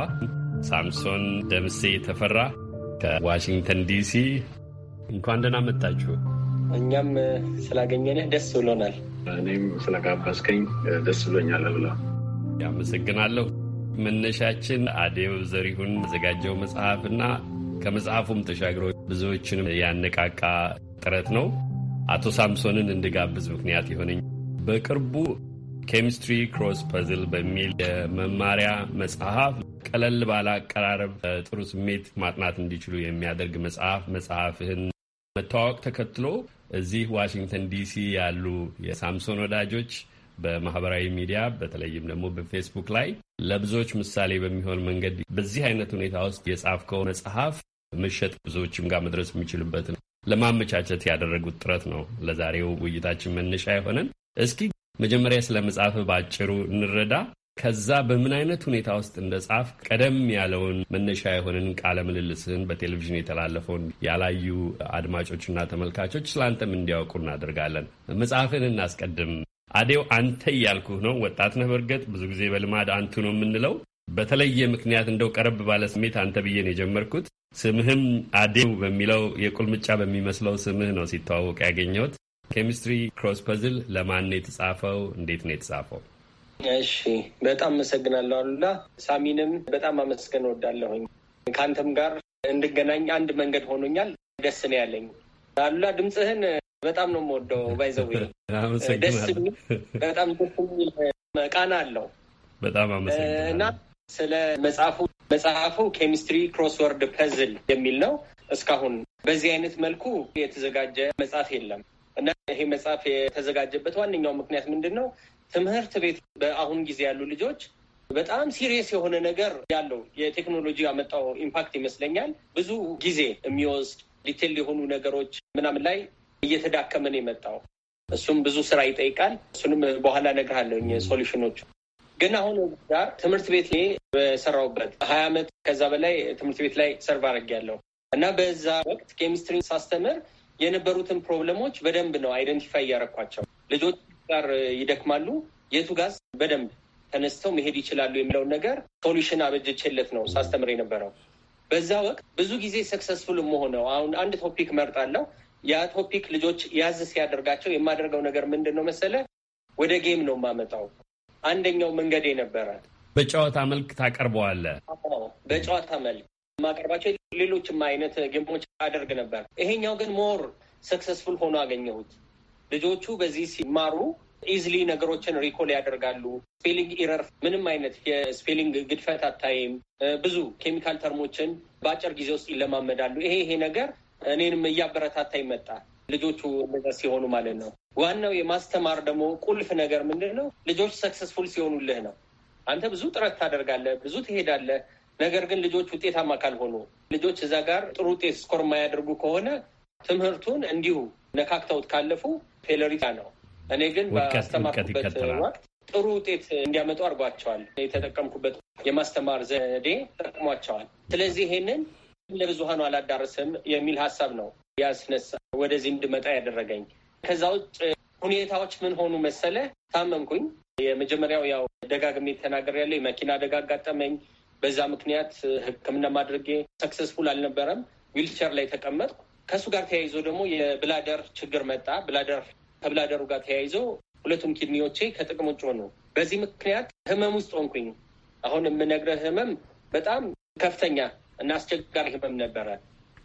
ሳምሶን ደምሴ ተፈራ ከዋሽንግተን ዲሲ እንኳን ደህና መጣችሁ። እኛም ስላገኘንህ ደስ ብሎናል። እኔም ስለጋበዝከኝ ደስ ብሎኛል። ብላ ያመሰግናለሁ። መነሻችን አዴው ዘሪሁን ያዘጋጀው መጽሐፍና ከመጽሐፉም ተሻግሮ ብዙዎችንም ያነቃቃ ጥረት ነው። አቶ ሳምሶንን እንድጋብዝ ምክንያት የሆነኝ በቅርቡ ኬሚስትሪ ክሮስ ፐዝል በሚል የመማሪያ መጽሐፍ ቀለል ባለ አቀራረብ ጥሩ ስሜት ማጥናት እንዲችሉ የሚያደርግ መጽሐፍ መጽሐፍህን መተዋወቅ ተከትሎ እዚህ ዋሽንግተን ዲሲ ያሉ የሳምሶን ወዳጆች በማህበራዊ ሚዲያ በተለይም ደግሞ በፌስቡክ ላይ ለብዙዎች ምሳሌ በሚሆን መንገድ በዚህ አይነት ሁኔታ ውስጥ የጻፍከው መጽሐፍ መሸጥ ብዙዎችም ጋር መድረስ የሚችልበትን ለማመቻቸት ያደረጉት ጥረት ነው። ለዛሬው ውይይታችን መነሻ የሆነን እስኪ መጀመሪያ ስለ መጽሐፍ ባጭሩ እንረዳ። ከዛ በምን አይነት ሁኔታ ውስጥ እንደ ጻፍ ቀደም ያለውን መነሻ የሆንን ቃለ ምልልስህን በቴሌቪዥን የተላለፈውን ያላዩ አድማጮችና ተመልካቾች ስለአንተም እንዲያውቁ እናደርጋለን። መጽሐፍን እናስቀድም። አዴው አንተ እያልኩህ ነው። ወጣት ነህ። በእርግጥ ብዙ ጊዜ በልማድ አንቱ ነው የምንለው። በተለየ ምክንያት እንደው ቀረብ ባለ ስሜት አንተ ብዬ ነው የጀመርኩት። ስምህም አዴው በሚለው የቁልምጫ በሚመስለው ስምህ ነው ሲተዋወቅ ያገኘሁት። ኬሚስትሪ ክሮስ ፐዝል ለማን ነው የተጻፈው? እንዴት ነው የተጻፈው? እሺ፣ በጣም አመሰግናለሁ አሉላ። ሳሚንም በጣም አመስገን እወዳለሁኝ። ከአንተም ጋር እንድገናኝ አንድ መንገድ ሆኖኛል። ደስ ነው ያለኝ አሉላ። ድምፅህን በጣም ነው የምወደው። ባይዘዊ ደስ በጣም ደስ የሚል ቃና አለው። በጣም አመሰግናለሁ እና ስለ መጽሐፉ መጽሐፉ ኬሚስትሪ ክሮስወርድ ፐዝል የሚል ነው። እስካሁን በዚህ አይነት መልኩ የተዘጋጀ መጽሐፍ የለም። እና ይሄ መጽሐፍ የተዘጋጀበት ዋነኛው ምክንያት ምንድን ነው? ትምህርት ቤት በአሁን ጊዜ ያሉ ልጆች በጣም ሲሪየስ የሆነ ነገር ያለው የቴክኖሎጂ ያመጣው ኢምፓክት ይመስለኛል። ብዙ ጊዜ የሚወስድ ዲቴል የሆኑ ነገሮች ምናምን ላይ እየተዳከመን የመጣው እሱም ብዙ ስራ ይጠይቃል። እሱንም በኋላ እነግርሃለሁ ሶሉሽኖቹ። ግን አሁን ጋር ትምህርት ቤት ላይ በሰራሁበት ሀያ ዓመት ከዛ በላይ ትምህርት ቤት ላይ ሰርቭ አድርጌያለሁ እና በዛ ወቅት ኬሚስትሪ ሳስተምር የነበሩትን ፕሮብለሞች በደንብ ነው አይደንቲፋይ እያረኳቸው። ልጆች ጋር ይደክማሉ፣ የቱ ጋዝ በደንብ ተነስተው መሄድ ይችላሉ የሚለውን ነገር ሶሉሽን አበጀቼለት ነው ሳስተምር የነበረው። በዛ ወቅት ብዙ ጊዜ ሰክሰስፉል መሆነው አሁን አንድ ቶፒክ መርጣለው ያ ቶፒክ ልጆች ያዝ ሲያደርጋቸው የማደርገው ነገር ምንድን ነው መሰለ፣ ወደ ጌም ነው የማመጣው። አንደኛው መንገዴ ነበረ። በጨዋታ መልክ ታቀርበዋለ በጨዋታ መልክ የማቀርባቸው ሌሎችም አይነት ጌሞች አደርግ ነበር። ይሄኛው ግን ሞር ሰክሰስፉል ሆኖ አገኘሁት። ልጆቹ በዚህ ሲማሩ ኢዝሊ ነገሮችን ሪኮል ያደርጋሉ። ስፔሊንግ ኢረር፣ ምንም አይነት የስፔሊንግ ግድፈት አታይም። ብዙ ኬሚካል ተርሞችን በአጭር ጊዜ ውስጥ ይለማመዳሉ። ይሄ ይሄ ነገር እኔንም እያበረታታ ይመጣ ልጆቹ እንደዛ ሲሆኑ ማለት ነው። ዋናው የማስተማር ደግሞ ቁልፍ ነገር ምንድን ነው? ልጆች ሰክሰስፉል ሲሆኑልህ ነው። አንተ ብዙ ጥረት ታደርጋለህ፣ ብዙ ትሄዳለህ ነገር ግን ልጆች ውጤታማ ካልሆኑ ልጆች እዛ ጋር ጥሩ ውጤት ስኮር የማያደርጉ ከሆነ ትምህርቱን እንዲሁ ነካክተውት ካለፉ ፌለሪታ ነው። እኔ ግን ባስተማርኩበት ወቅት ጥሩ ውጤት እንዲያመጡ አድርጓቸዋል። የተጠቀምኩበት የማስተማር ዘዴ ጠቅሟቸዋል። ስለዚህ ይሄንን ለብዙሀኑ አላዳረስም የሚል ሀሳብ ነው ያስነሳ ወደዚህ እንድመጣ ያደረገኝ። ከዛ ውጭ ሁኔታዎች ምን ሆኑ መሰለ፣ ታመምኩኝ። የመጀመሪያው ያው ደጋግሜ ተናገር ያለው የመኪና አደጋ አጋጠመኝ። በዛ ምክንያት ሕክምና ማድረጌ ሰክሰስፉል አልነበረም። ዊልቸር ላይ ተቀመጥኩ። ከእሱ ጋር ተያይዞ ደግሞ የብላደር ችግር መጣ። ብላደር ከብላደሩ ጋር ተያይዞ ሁለቱም ኪድኒዎቼ ከጥቅም ውጭ ሆኑ። በዚህ ምክንያት ህመም ውስጥ ሆንኩኝ። አሁን የምነግረህ ህመም በጣም ከፍተኛ እና አስቸጋሪ ህመም ነበረ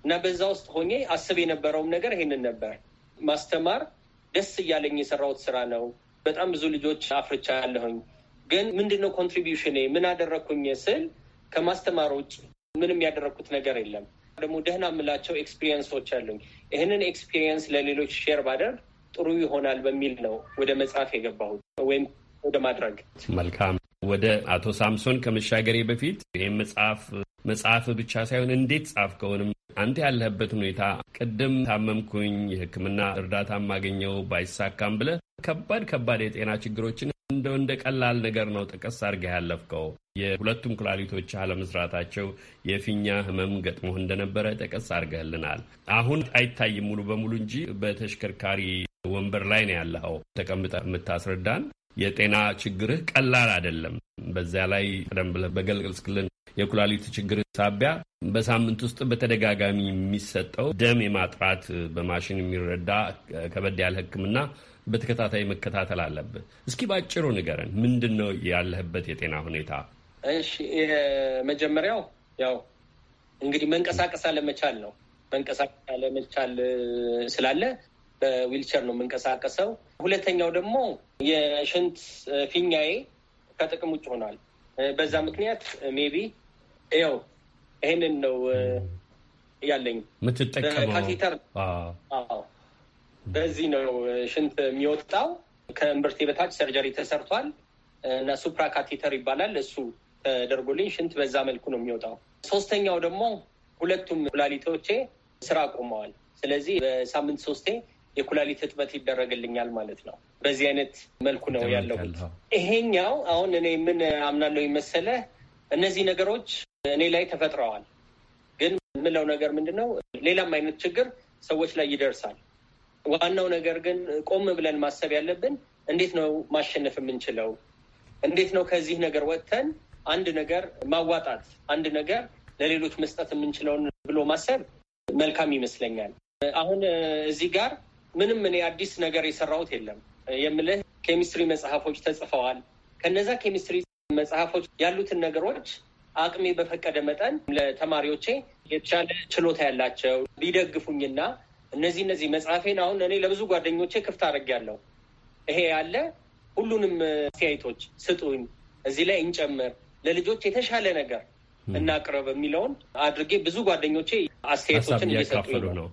እና በዛ ውስጥ ሆኜ አስብ የነበረውም ነገር ይሄንን ነበር። ማስተማር ደስ እያለኝ የሰራሁት ስራ ነው። በጣም ብዙ ልጆች አፍርቻ ያለሁኝ ግን ምንድነው ኮንትሪቢሽን ኮንትሪቢሽኔ ምን አደረግኩኝ ስል ከማስተማር ውጭ ምንም ያደረግኩት ነገር የለም። ደግሞ ደህና የምላቸው ኤክስፒሪየንሶች አሉኝ። ይህንን ኤክስፒሪየንስ ለሌሎች ሼር ባደርግ ጥሩ ይሆናል በሚል ነው ወደ መጽሐፍ የገባሁት ወይም ወደ ማድረግ። መልካም ወደ አቶ ሳምሶን ከመሻገሬ በፊት ይህም መጽሐፍ መጽሐፍ ብቻ ሳይሆን እንዴት ጻፍ ከሆንም አንተ ያለህበት ሁኔታ ቅድም ታመምኩኝ የሕክምና እርዳታ ማገኘው ባይሳካም ብለ ከባድ ከባድ የጤና ችግሮችን እንደው እንደ ቀላል ነገር ነው ጠቀስ አድርገህ ያለፍከው። የሁለቱም ኩላሊቶች አለመስራታቸው የፊኛ ህመም ገጥሞህ እንደነበረ ጠቀስ አድርገህልናል። አሁን አይታይም ሙሉ በሙሉ እንጂ በተሽከርካሪ ወንበር ላይ ነው ያለኸው ተቀምጠ የምታስረዳን። የጤና ችግርህ ቀላል አይደለም። በዚያ ላይ ቀደም ብለህ በገልገልስክልን የኩላሊት ችግር ሳቢያ በሳምንት ውስጥ በተደጋጋሚ የሚሰጠው ደም የማጥራት በማሽን የሚረዳ ከበድ ያለ ሕክምና በተከታታይ መከታተል አለብህ። እስኪ ባጭሩ ንገረን፣ ምንድን ነው ያለህበት የጤና ሁኔታ? እሺ፣ መጀመሪያው ያው እንግዲህ መንቀሳቀስ አለመቻል ነው። መንቀሳቀስ አለመቻል ስላለ በዊልቸር ነው የምንቀሳቀሰው። ሁለተኛው ደግሞ የሽንት ፊኛዬ ከጥቅም ውጭ ሆኗል። በዛ ምክንያት ሜቢ ው ይህንን ነው ያለኝ የምትጠቀመው ካቴተር። በዚህ ነው ሽንት የሚወጣው። ከእምብርቴ በታች ሰርጀሪ ተሰርቷል እና ሱፕራ ካቴተር ይባላል። እሱ ተደርጎልኝ ሽንት በዛ መልኩ ነው የሚወጣው። ሶስተኛው ደግሞ ሁለቱም ኩላሊቶቼ ስራ ቆመዋል። ስለዚህ በሳምንት ሶስቴ የኩላሊት እጥበት ይደረግልኛል ማለት ነው። በዚህ አይነት መልኩ ነው ያለሁት። ይሄኛው አሁን እኔ ምን አምናለሁ የመሰለ እነዚህ ነገሮች እኔ ላይ ተፈጥረዋል። ግን የምለው ነገር ምንድን ነው፣ ሌላም አይነት ችግር ሰዎች ላይ ይደርሳል። ዋናው ነገር ግን ቆም ብለን ማሰብ ያለብን እንዴት ነው ማሸነፍ የምንችለው፣ እንዴት ነው ከዚህ ነገር ወጥተን አንድ ነገር ማዋጣት፣ አንድ ነገር ለሌሎች መስጠት የምንችለውን ብሎ ማሰብ መልካም ይመስለኛል። አሁን እዚህ ጋር ምንም እኔ አዲስ ነገር የሰራሁት የለም የምልህ ኬሚስትሪ መጽሐፎች ተጽፈዋል። ከነዛ ኬሚስትሪ መጽሐፎች ያሉትን ነገሮች አቅሜ በፈቀደ መጠን ለተማሪዎቼ የተሻለ ችሎታ ያላቸው ሊደግፉኝና እነዚህ እነዚህ መጽሐፌን አሁን እኔ ለብዙ ጓደኞቼ ክፍት አድርጌያለሁ። ይሄ ያለ ሁሉንም አስተያየቶች ስጡኝ፣ እዚህ ላይ እንጨምር፣ ለልጆች የተሻለ ነገር እናቅርብ የሚለውን አድርጌ ብዙ ጓደኞቼ አስተያየቶችን እየሰጡ ነው።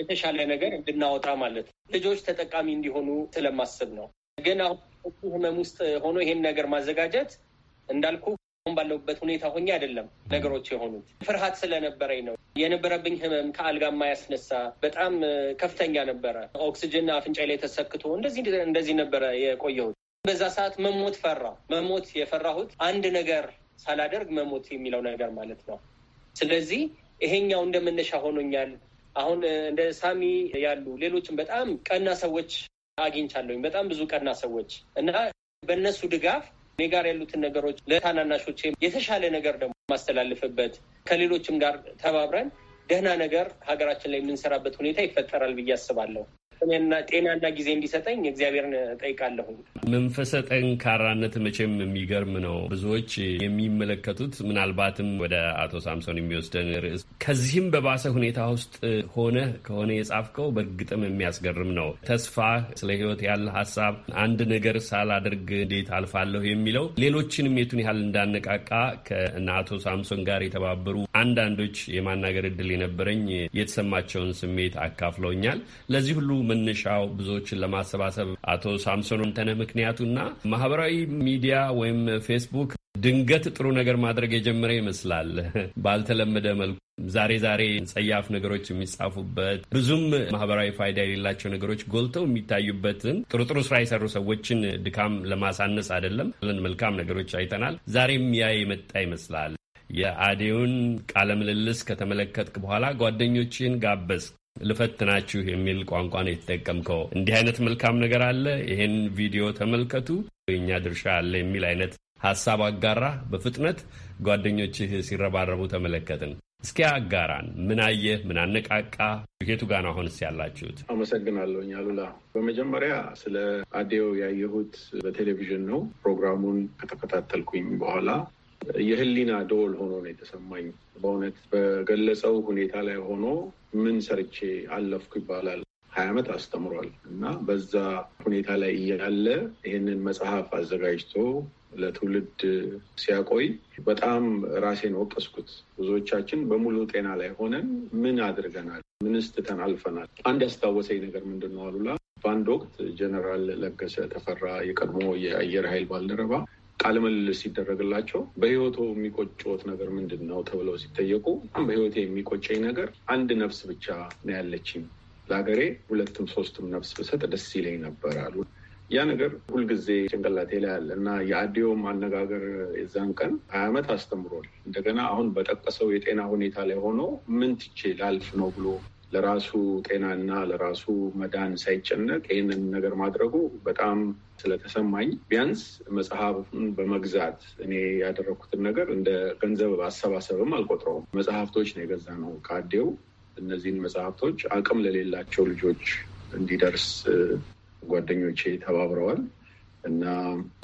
የተሻለ ነገር እንድናወጣ ማለት ነው። ልጆች ተጠቃሚ እንዲሆኑ ስለማስብ ነው። ግን አሁን ህመም ውስጥ ሆኖ ይሄን ነገር ማዘጋጀት እንዳልኩ አሁን ባለሁበት ሁኔታ ሆኜ አይደለም ነገሮች የሆኑት። ፍርሃት ስለነበረኝ ነው። የነበረብኝ ህመም ከአልጋማ ያስነሳ በጣም ከፍተኛ ነበረ። ኦክስጅን አፍንጫ ላይ ተሰክቶ እንደዚህ እንደዚህ ነበረ የቆየሁት። በዛ ሰዓት መሞት ፈራ መሞት የፈራሁት አንድ ነገር ሳላደርግ መሞት የሚለው ነገር ማለት ነው። ስለዚህ ይሄኛው እንደ መነሻ ሆኖኛል። አሁን እንደ ሳሚ ያሉ ሌሎችም በጣም ቀና ሰዎች አግኝቻለሁኝ። በጣም ብዙ ቀና ሰዎች እና በእነሱ ድጋፍ እኔ ጋር ያሉትን ነገሮች ለታናናሾች የተሻለ ነገር ደግሞ ማስተላልፍበት ከሌሎችም ጋር ተባብረን ደህና ነገር ሀገራችን ላይ የምንሰራበት ሁኔታ ይፈጠራል ብዬ አስባለሁ። ጥቅምና ጤናና ጊዜ እንዲሰጠኝ እግዚአብሔርን ጠይቃለሁ። መንፈሰ ጠንካራነት መቼም የሚገርም ነው። ብዙዎች የሚመለከቱት ምናልባትም ወደ አቶ ሳምሶን የሚወስደን ርዕስ ከዚህም በባሰ ሁኔታ ውስጥ ሆነ ከሆነ የጻፍከው በእርግጥም የሚያስገርም ነው። ተስፋ ስለ ህይወት ያለ ሀሳብ አንድ ነገር ሳላደርግ እንዴት አልፋለሁ የሚለው ሌሎችንም የቱን ያህል እንዳነቃቃ ከእነ አቶ ሳምሶን ጋር የተባበሩ አንዳንዶች የማናገር እድል የነበረኝ የተሰማቸውን ስሜት አካፍለውኛል። ለዚህ ሁሉ መነሻው ብዙዎችን ለማሰባሰብ አቶ ሳምሶን ወንተነህ ምክንያቱና ማህበራዊ ሚዲያ ወይም ፌስቡክ ድንገት ጥሩ ነገር ማድረግ የጀመረ ይመስላል። ባልተለመደ መልኩ ዛሬ ዛሬ ጸያፍ ነገሮች የሚጻፉበት ብዙም ማህበራዊ ፋይዳ የሌላቸው ነገሮች ጎልተው የሚታዩበትን ጥሩ ጥሩ ስራ የሰሩ ሰዎችን ድካም ለማሳነስ አይደለም፣ መልካም ነገሮች አይተናል። ዛሬም ያ የመጣ ይመስላል። የአዴውን ቃለ ምልልስ ከተመለከትክ በኋላ ጓደኞችን ጋበዝ ልፈትናችሁ የሚል ቋንቋ ነው የተጠቀምከው። እንዲህ አይነት መልካም ነገር አለ፣ ይህን ቪዲዮ ተመልከቱ፣ የእኛ ድርሻ አለ የሚል አይነት ሀሳብ አጋራ። በፍጥነት ጓደኞችህ ሲረባረቡ ተመለከትን። እስኪ አጋራን፣ ምን አየህ? ምን አነቃቃ? ኬቱ ጋር ነው አሁንስ ያላችሁት? አመሰግናለሁኝ አሉላ። በመጀመሪያ ስለ አዴው ያየሁት በቴሌቪዥን ነው። ፕሮግራሙን ከተከታተልኩኝ በኋላ የህሊና ደወል ሆኖ ነው የተሰማኝ። በእውነት በገለጸው ሁኔታ ላይ ሆኖ ምን ሰርቼ አለፍኩ ይባላል። ሀያ ዓመት አስተምሯል እና በዛ ሁኔታ ላይ እያለ ይህንን መጽሐፍ አዘጋጅቶ ለትውልድ ሲያቆይ በጣም ራሴን ወቀስኩት። ብዙዎቻችን በሙሉ ጤና ላይ ሆነን ምን አድርገናል? ምንስትተን አልፈናል? አንድ ያስታወሰኝ ነገር ምንድን ነው አሉላ በአንድ ወቅት ጀነራል ለገሰ ተፈራ የቀድሞ የአየር ኃይል ባልደረባ ቃለ ምልልስ ሲደረግላቸው በህይወቶ የሚቆጭዎት ነገር ምንድን ነው ተብለው ሲጠየቁ በህይወቴ የሚቆጨኝ ነገር አንድ ነፍስ ብቻ ነው ያለችኝ፣ ለሀገሬ ሁለትም ሶስትም ነፍስ ብሰጥ ደስ ይለኝ ነበር አሉ። ያ ነገር ሁልጊዜ ጭንቅላቴ ላይ አለ እና የአዲዮም አነጋገር የዛን ቀን ሀያ ዓመት አስተምሯል። እንደገና አሁን በጠቀሰው የጤና ሁኔታ ላይ ሆኖ ምን ትቼ ላልፍ ነው ብሎ ለራሱ ጤናና ለራሱ መዳን ሳይጨነቅ ይህንን ነገር ማድረጉ በጣም ስለተሰማኝ ቢያንስ መጽሐፍን በመግዛት እኔ ያደረግኩትን ነገር እንደ ገንዘብ አሰባሰብም አልቆጥረውም። መጽሐፍቶች ነው የገዛ ነው ከአዴው እነዚህን መጽሐፍቶች አቅም ለሌላቸው ልጆች እንዲደርስ ጓደኞቼ ተባብረዋል። እና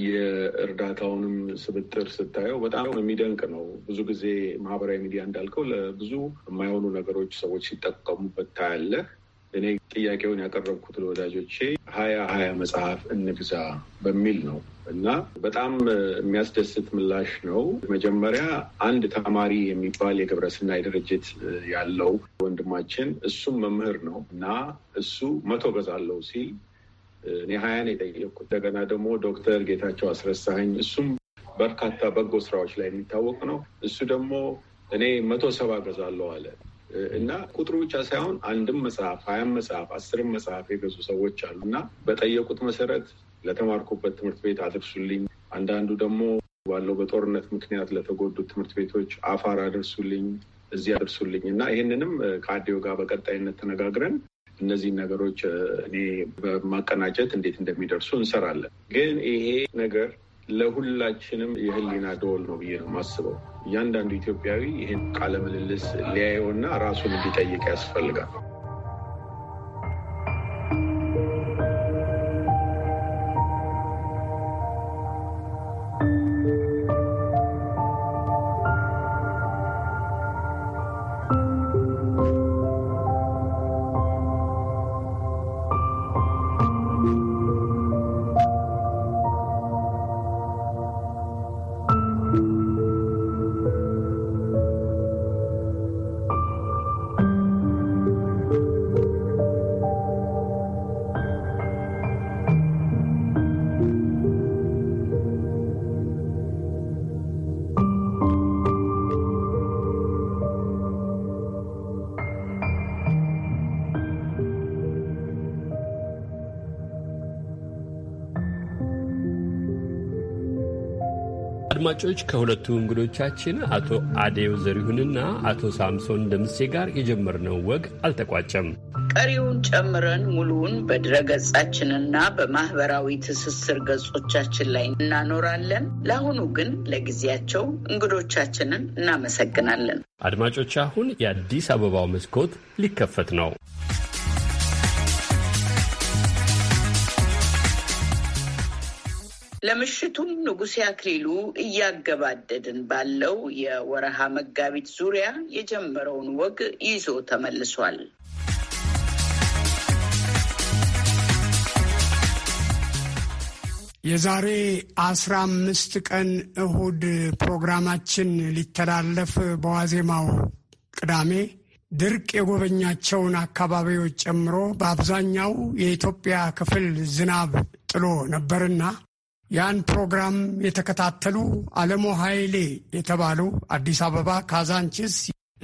የእርዳታውንም ስብጥር ስታየው በጣም የሚደንቅ ነው። ብዙ ጊዜ ማህበራዊ ሚዲያ እንዳልከው ለብዙ የማይሆኑ ነገሮች ሰዎች ሲጠቀሙበት ታያለህ። እኔ ጥያቄውን ያቀረብኩት ለወዳጆቼ ሀያ ሀያ መጽሐፍ እንግዛ በሚል ነው እና በጣም የሚያስደስት ምላሽ ነው። መጀመሪያ አንድ ተማሪ የሚባል የግብረስናይ ድርጅት ያለው ወንድማችን እሱም መምህር ነው እና እሱ መቶ ገዛለው ሲል እኔ ነው የጠየቁት እንደገና ደግሞ ዶክተር ጌታቸው አስረሳኸኝ እሱም በርካታ በጎ ስራዎች ላይ የሚታወቅ ነው። እሱ ደግሞ እኔ መቶ ሰባ ገዛለሁ አለ እና ቁጥሩ ብቻ ሳይሆን አንድም መጽሐፍ፣ ሀያም መጽሐፍ፣ አስርም መጽሐፍ የገዙ ሰዎች አሉ እና በጠየቁት መሰረት ለተማርኩበት ትምህርት ቤት አድርሱልኝ፣ አንዳንዱ ደግሞ ባለው በጦርነት ምክንያት ለተጎዱት ትምህርት ቤቶች አፋር አድርሱልኝ፣ እዚህ አድርሱልኝ እና ይህንንም ከአዲዮ ጋር በቀጣይነት ተነጋግረን እነዚህን ነገሮች እኔ በማቀናጀት እንዴት እንደሚደርሱ እንሰራለን። ግን ይሄ ነገር ለሁላችንም የህሊና ደወል ነው ብዬ ነው የማስበው። እያንዳንዱ ኢትዮጵያዊ ይህን ቃለ ምልልስ ሊያየውና ራሱን እንዲጠይቅ ያስፈልጋል። አድማጮች ከሁለቱ እንግዶቻችን አቶ አዴው ዘሪሁንና አቶ ሳምሶን ደምሴ ጋር የጀመርነው ወግ አልተቋጨም። ቀሪውን ጨምረን ሙሉውን ገጻችንና በማህበራዊ ትስስር ገጾቻችን ላይ እናኖራለን። ለአሁኑ ግን ለጊዜያቸው እንግዶቻችንን እናመሰግናለን። አድማጮች አሁን የአዲስ አበባው መስኮት ሊከፈት ነው። ለምሽቱም ንጉሴ አክሊሉ እያገባደድን ባለው የወረሃ መጋቢት ዙሪያ የጀመረውን ወግ ይዞ ተመልሷል። የዛሬ አስራ አምስት ቀን እሁድ ፕሮግራማችን ሊተላለፍ በዋዜማው ቅዳሜ ድርቅ የጎበኛቸውን አካባቢዎች ጨምሮ በአብዛኛው የኢትዮጵያ ክፍል ዝናብ ጥሎ ነበርና ያን ፕሮግራም የተከታተሉ አለሞ ኃይሌ የተባሉ አዲስ አበባ ካዛንችስ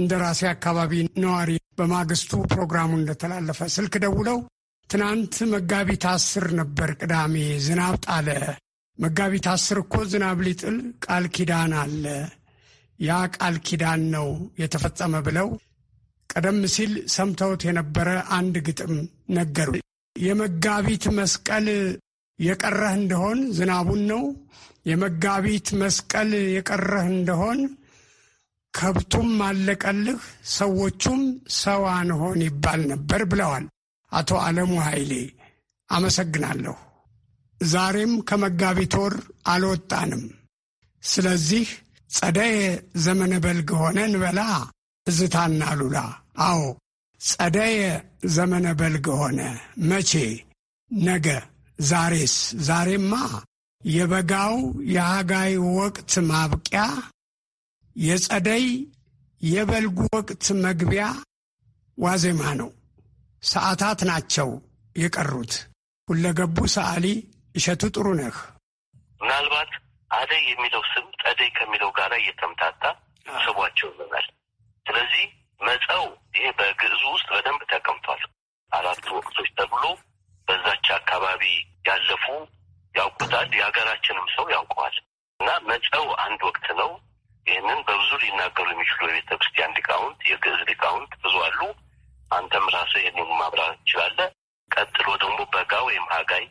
እንደራሴ አካባቢ ነዋሪ በማግስቱ ፕሮግራሙ እንደተላለፈ ስልክ ደውለው ትናንት መጋቢት አስር ነበር ቅዳሜ ዝናብ ጣለ። መጋቢት አስር እኮ ዝናብ ሊጥል ቃል ኪዳን አለ። ያ ቃል ኪዳን ነው የተፈጸመ ብለው ቀደም ሲል ሰምተውት የነበረ አንድ ግጥም ነገሩ። የመጋቢት መስቀል የቀረህ እንደሆን ዝናቡን ነው። የመጋቢት መስቀል የቀረህ እንደሆን ከብቱም አለቀልህ፣ ሰዎቹም ሰው አንሆን ይባል ነበር ብለዋል አቶ አለሙ ኃይሌ። አመሰግናለሁ። ዛሬም ከመጋቢት ወር አልወጣንም። ስለዚህ ጸደይ ዘመነ በልግ ሆነ እንበላ እዝታና ሉላ። አዎ ጸደይ ዘመነ በልግ ሆነ መቼ ነገ ዛሬስ? ዛሬማ የበጋው የአጋይ ወቅት ማብቂያ፣ የጸደይ የበልጉ ወቅት መግቢያ ዋዜማ ነው። ሰዓታት ናቸው የቀሩት። ሁለገቡ ሰዓሊ እሸቱ ጥሩ ነህ። ምናልባት አደይ የሚለው ስም ጸደይ ከሚለው ጋር እየተምታታ ስቧቸው ይሆናል። ስለዚህ መጸው ይሄ በግዕዙ ውስጥ በደንብ ተቀምጧል። አራቱ ወቅቶች ተብሎ በዛች አካባቢ ያለፉ ያውቁታል። የሀገራችንም ሰው ያውቀዋል እና መጸው አንድ ወቅት ነው። ይህንን በብዙ ሊናገሩ የሚችሉ የቤተ ክርስቲያን ሊቃውንት፣ የግዕዝ ሊቃውንት ብዙ አሉ። አንተም ራስህ ይህንን ማብራት ትችላለህ። ቀጥሎ ደግሞ በጋ ወይም ሀጋይ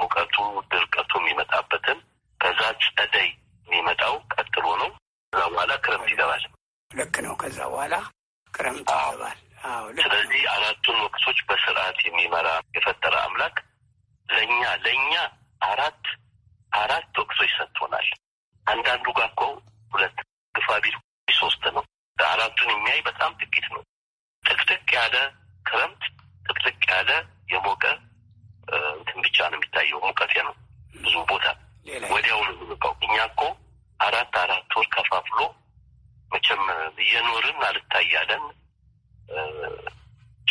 ሙቀቱ ድርቀቱ የሚመጣበትን ከዛ ጸደይ የሚመጣው ቀጥሎ ነው። ከዛ በኋላ ክረምት ይገባል። ልክ ነው። ከዛ በኋላ ክረምት ይገባል። ስለዚህ አራቱን ወቅቶች በስርዓት የሚመራ የፈጠረ አምላክ ለእኛ ለእኛ አራት አራት ወቅቶች ሰጥቶናል። አንዳንዱ ጋር እኮ ሁለት ግፋ ቢል ሶስት ነው። አራቱን የሚያይ በጣም ጥቂት ነው። ጥቅጥቅ ያለ ክረምት፣ ጥቅጥቅ ያለ የሞቀ እንትን ብቻ ነው የሚታየው። ሙቀቴ ነው ብዙ ቦታ ወዲያው ነው የሚበቃው። እኛ እኮ አራት አራት ወር ከፋፍሎ መቼም እየኖርን አልታያለን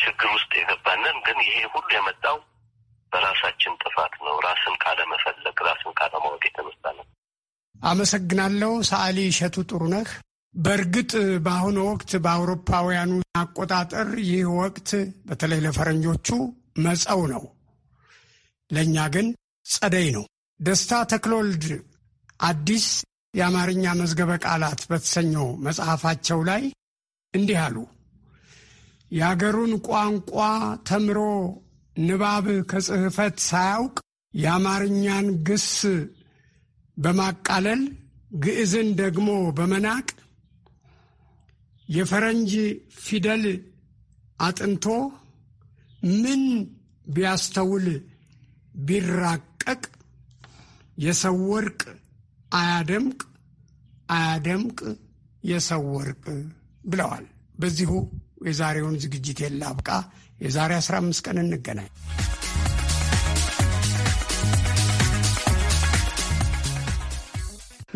ችግር ውስጥ የገባንን ግን ይሄ ሁሉ የመጣው በራሳችን ጥፋት ነው። ራስን ካለመፈለግ፣ ራስን ካለማወቅ የተነሳ ነው። አመሰግናለሁ። ሰዓሊ እሸቱ ጥሩነህ። በእርግጥ በአሁኑ ወቅት በአውሮፓውያኑ አቆጣጠር ይህ ወቅት በተለይ ለፈረንጆቹ መጸው ነው፣ ለእኛ ግን ጸደይ ነው። ደስታ ተክሎልድ አዲስ የአማርኛ መዝገበ ቃላት በተሰኘው መጽሐፋቸው ላይ እንዲህ አሉ። የአገሩን ቋንቋ ተምሮ ንባብ ከጽሕፈት ሳያውቅ የአማርኛን ግስ በማቃለል ግዕዝን ደግሞ በመናቅ የፈረንጅ ፊደል አጥንቶ ምን ቢያስተውል ቢራቀቅ የሰው ወርቅ አያደምቅ አያደምቅ የሰው ወርቅ ብለዋል። በዚሁ የዛሬውን ዝግጅት የላብቃ። የዛሬ 15 ቀን እንገናኝ።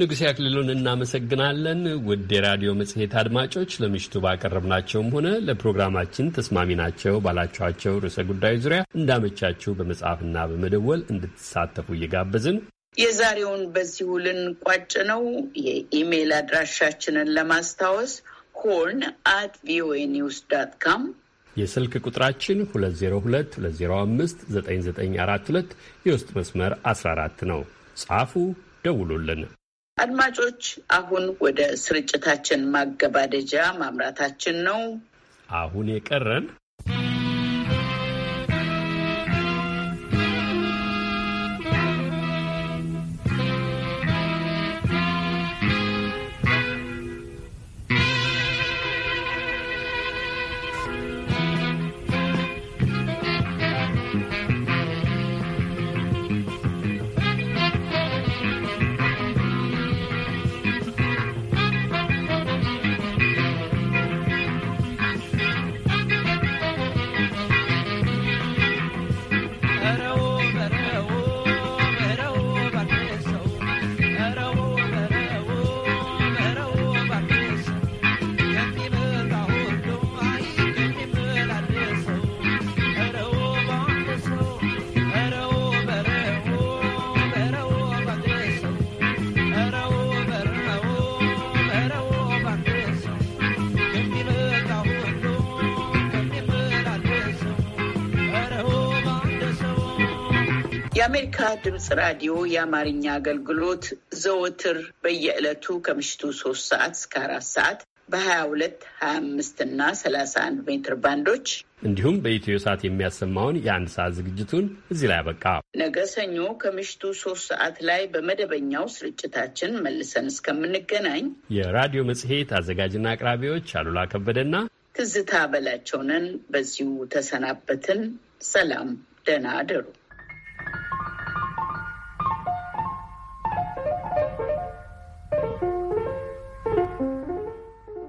ንጉሴ አክሊሉን እናመሰግናለን። ውድ የራዲዮ መጽሔት አድማጮች ለምሽቱ ባቀረብናቸውም ሆነ ለፕሮግራማችን ተስማሚ ናቸው ባላችኋቸው ርዕሰ ጉዳዮች ዙሪያ እንዳመቻችሁ በመጻፍና በመደወል እንድትሳተፉ እየጋበዝን የዛሬውን በዚሁ ልንቋጭ ነው። የኢሜይል አድራሻችንን ለማስታወስ ኮርን አት ቪኦኤ ኒውስ ዳት ካም የስልክ ቁጥራችን 2022059942 የውስጥ መስመር 14 ነው። ጻፉ፣ ደውሉልን። አድማጮች አሁን ወደ ስርጭታችን ማገባደጃ ማምራታችን ነው። አሁን የቀረን የአሜሪካ ድምፅ ራዲዮ የአማርኛ አገልግሎት ዘወትር በየዕለቱ ከምሽቱ ሶስት ሰዓት እስከ አራት ሰዓት በሀያ ሁለት ሀያ አምስት እና ሰላሳ አንድ ሜትር ባንዶች እንዲሁም በኢትዮ ሰዓት የሚያሰማውን የአንድ ሰዓት ዝግጅቱን እዚህ ላይ አበቃ። ነገ ሰኞ ከምሽቱ ሶስት ሰዓት ላይ በመደበኛው ስርጭታችን መልሰን እስከምንገናኝ የራዲዮ መጽሔት አዘጋጅና አቅራቢዎች አሉላ ከበደና ትዝታ በላቸውንን በዚሁ ተሰናበትን። ሰላም፣ ደህና አደሩ።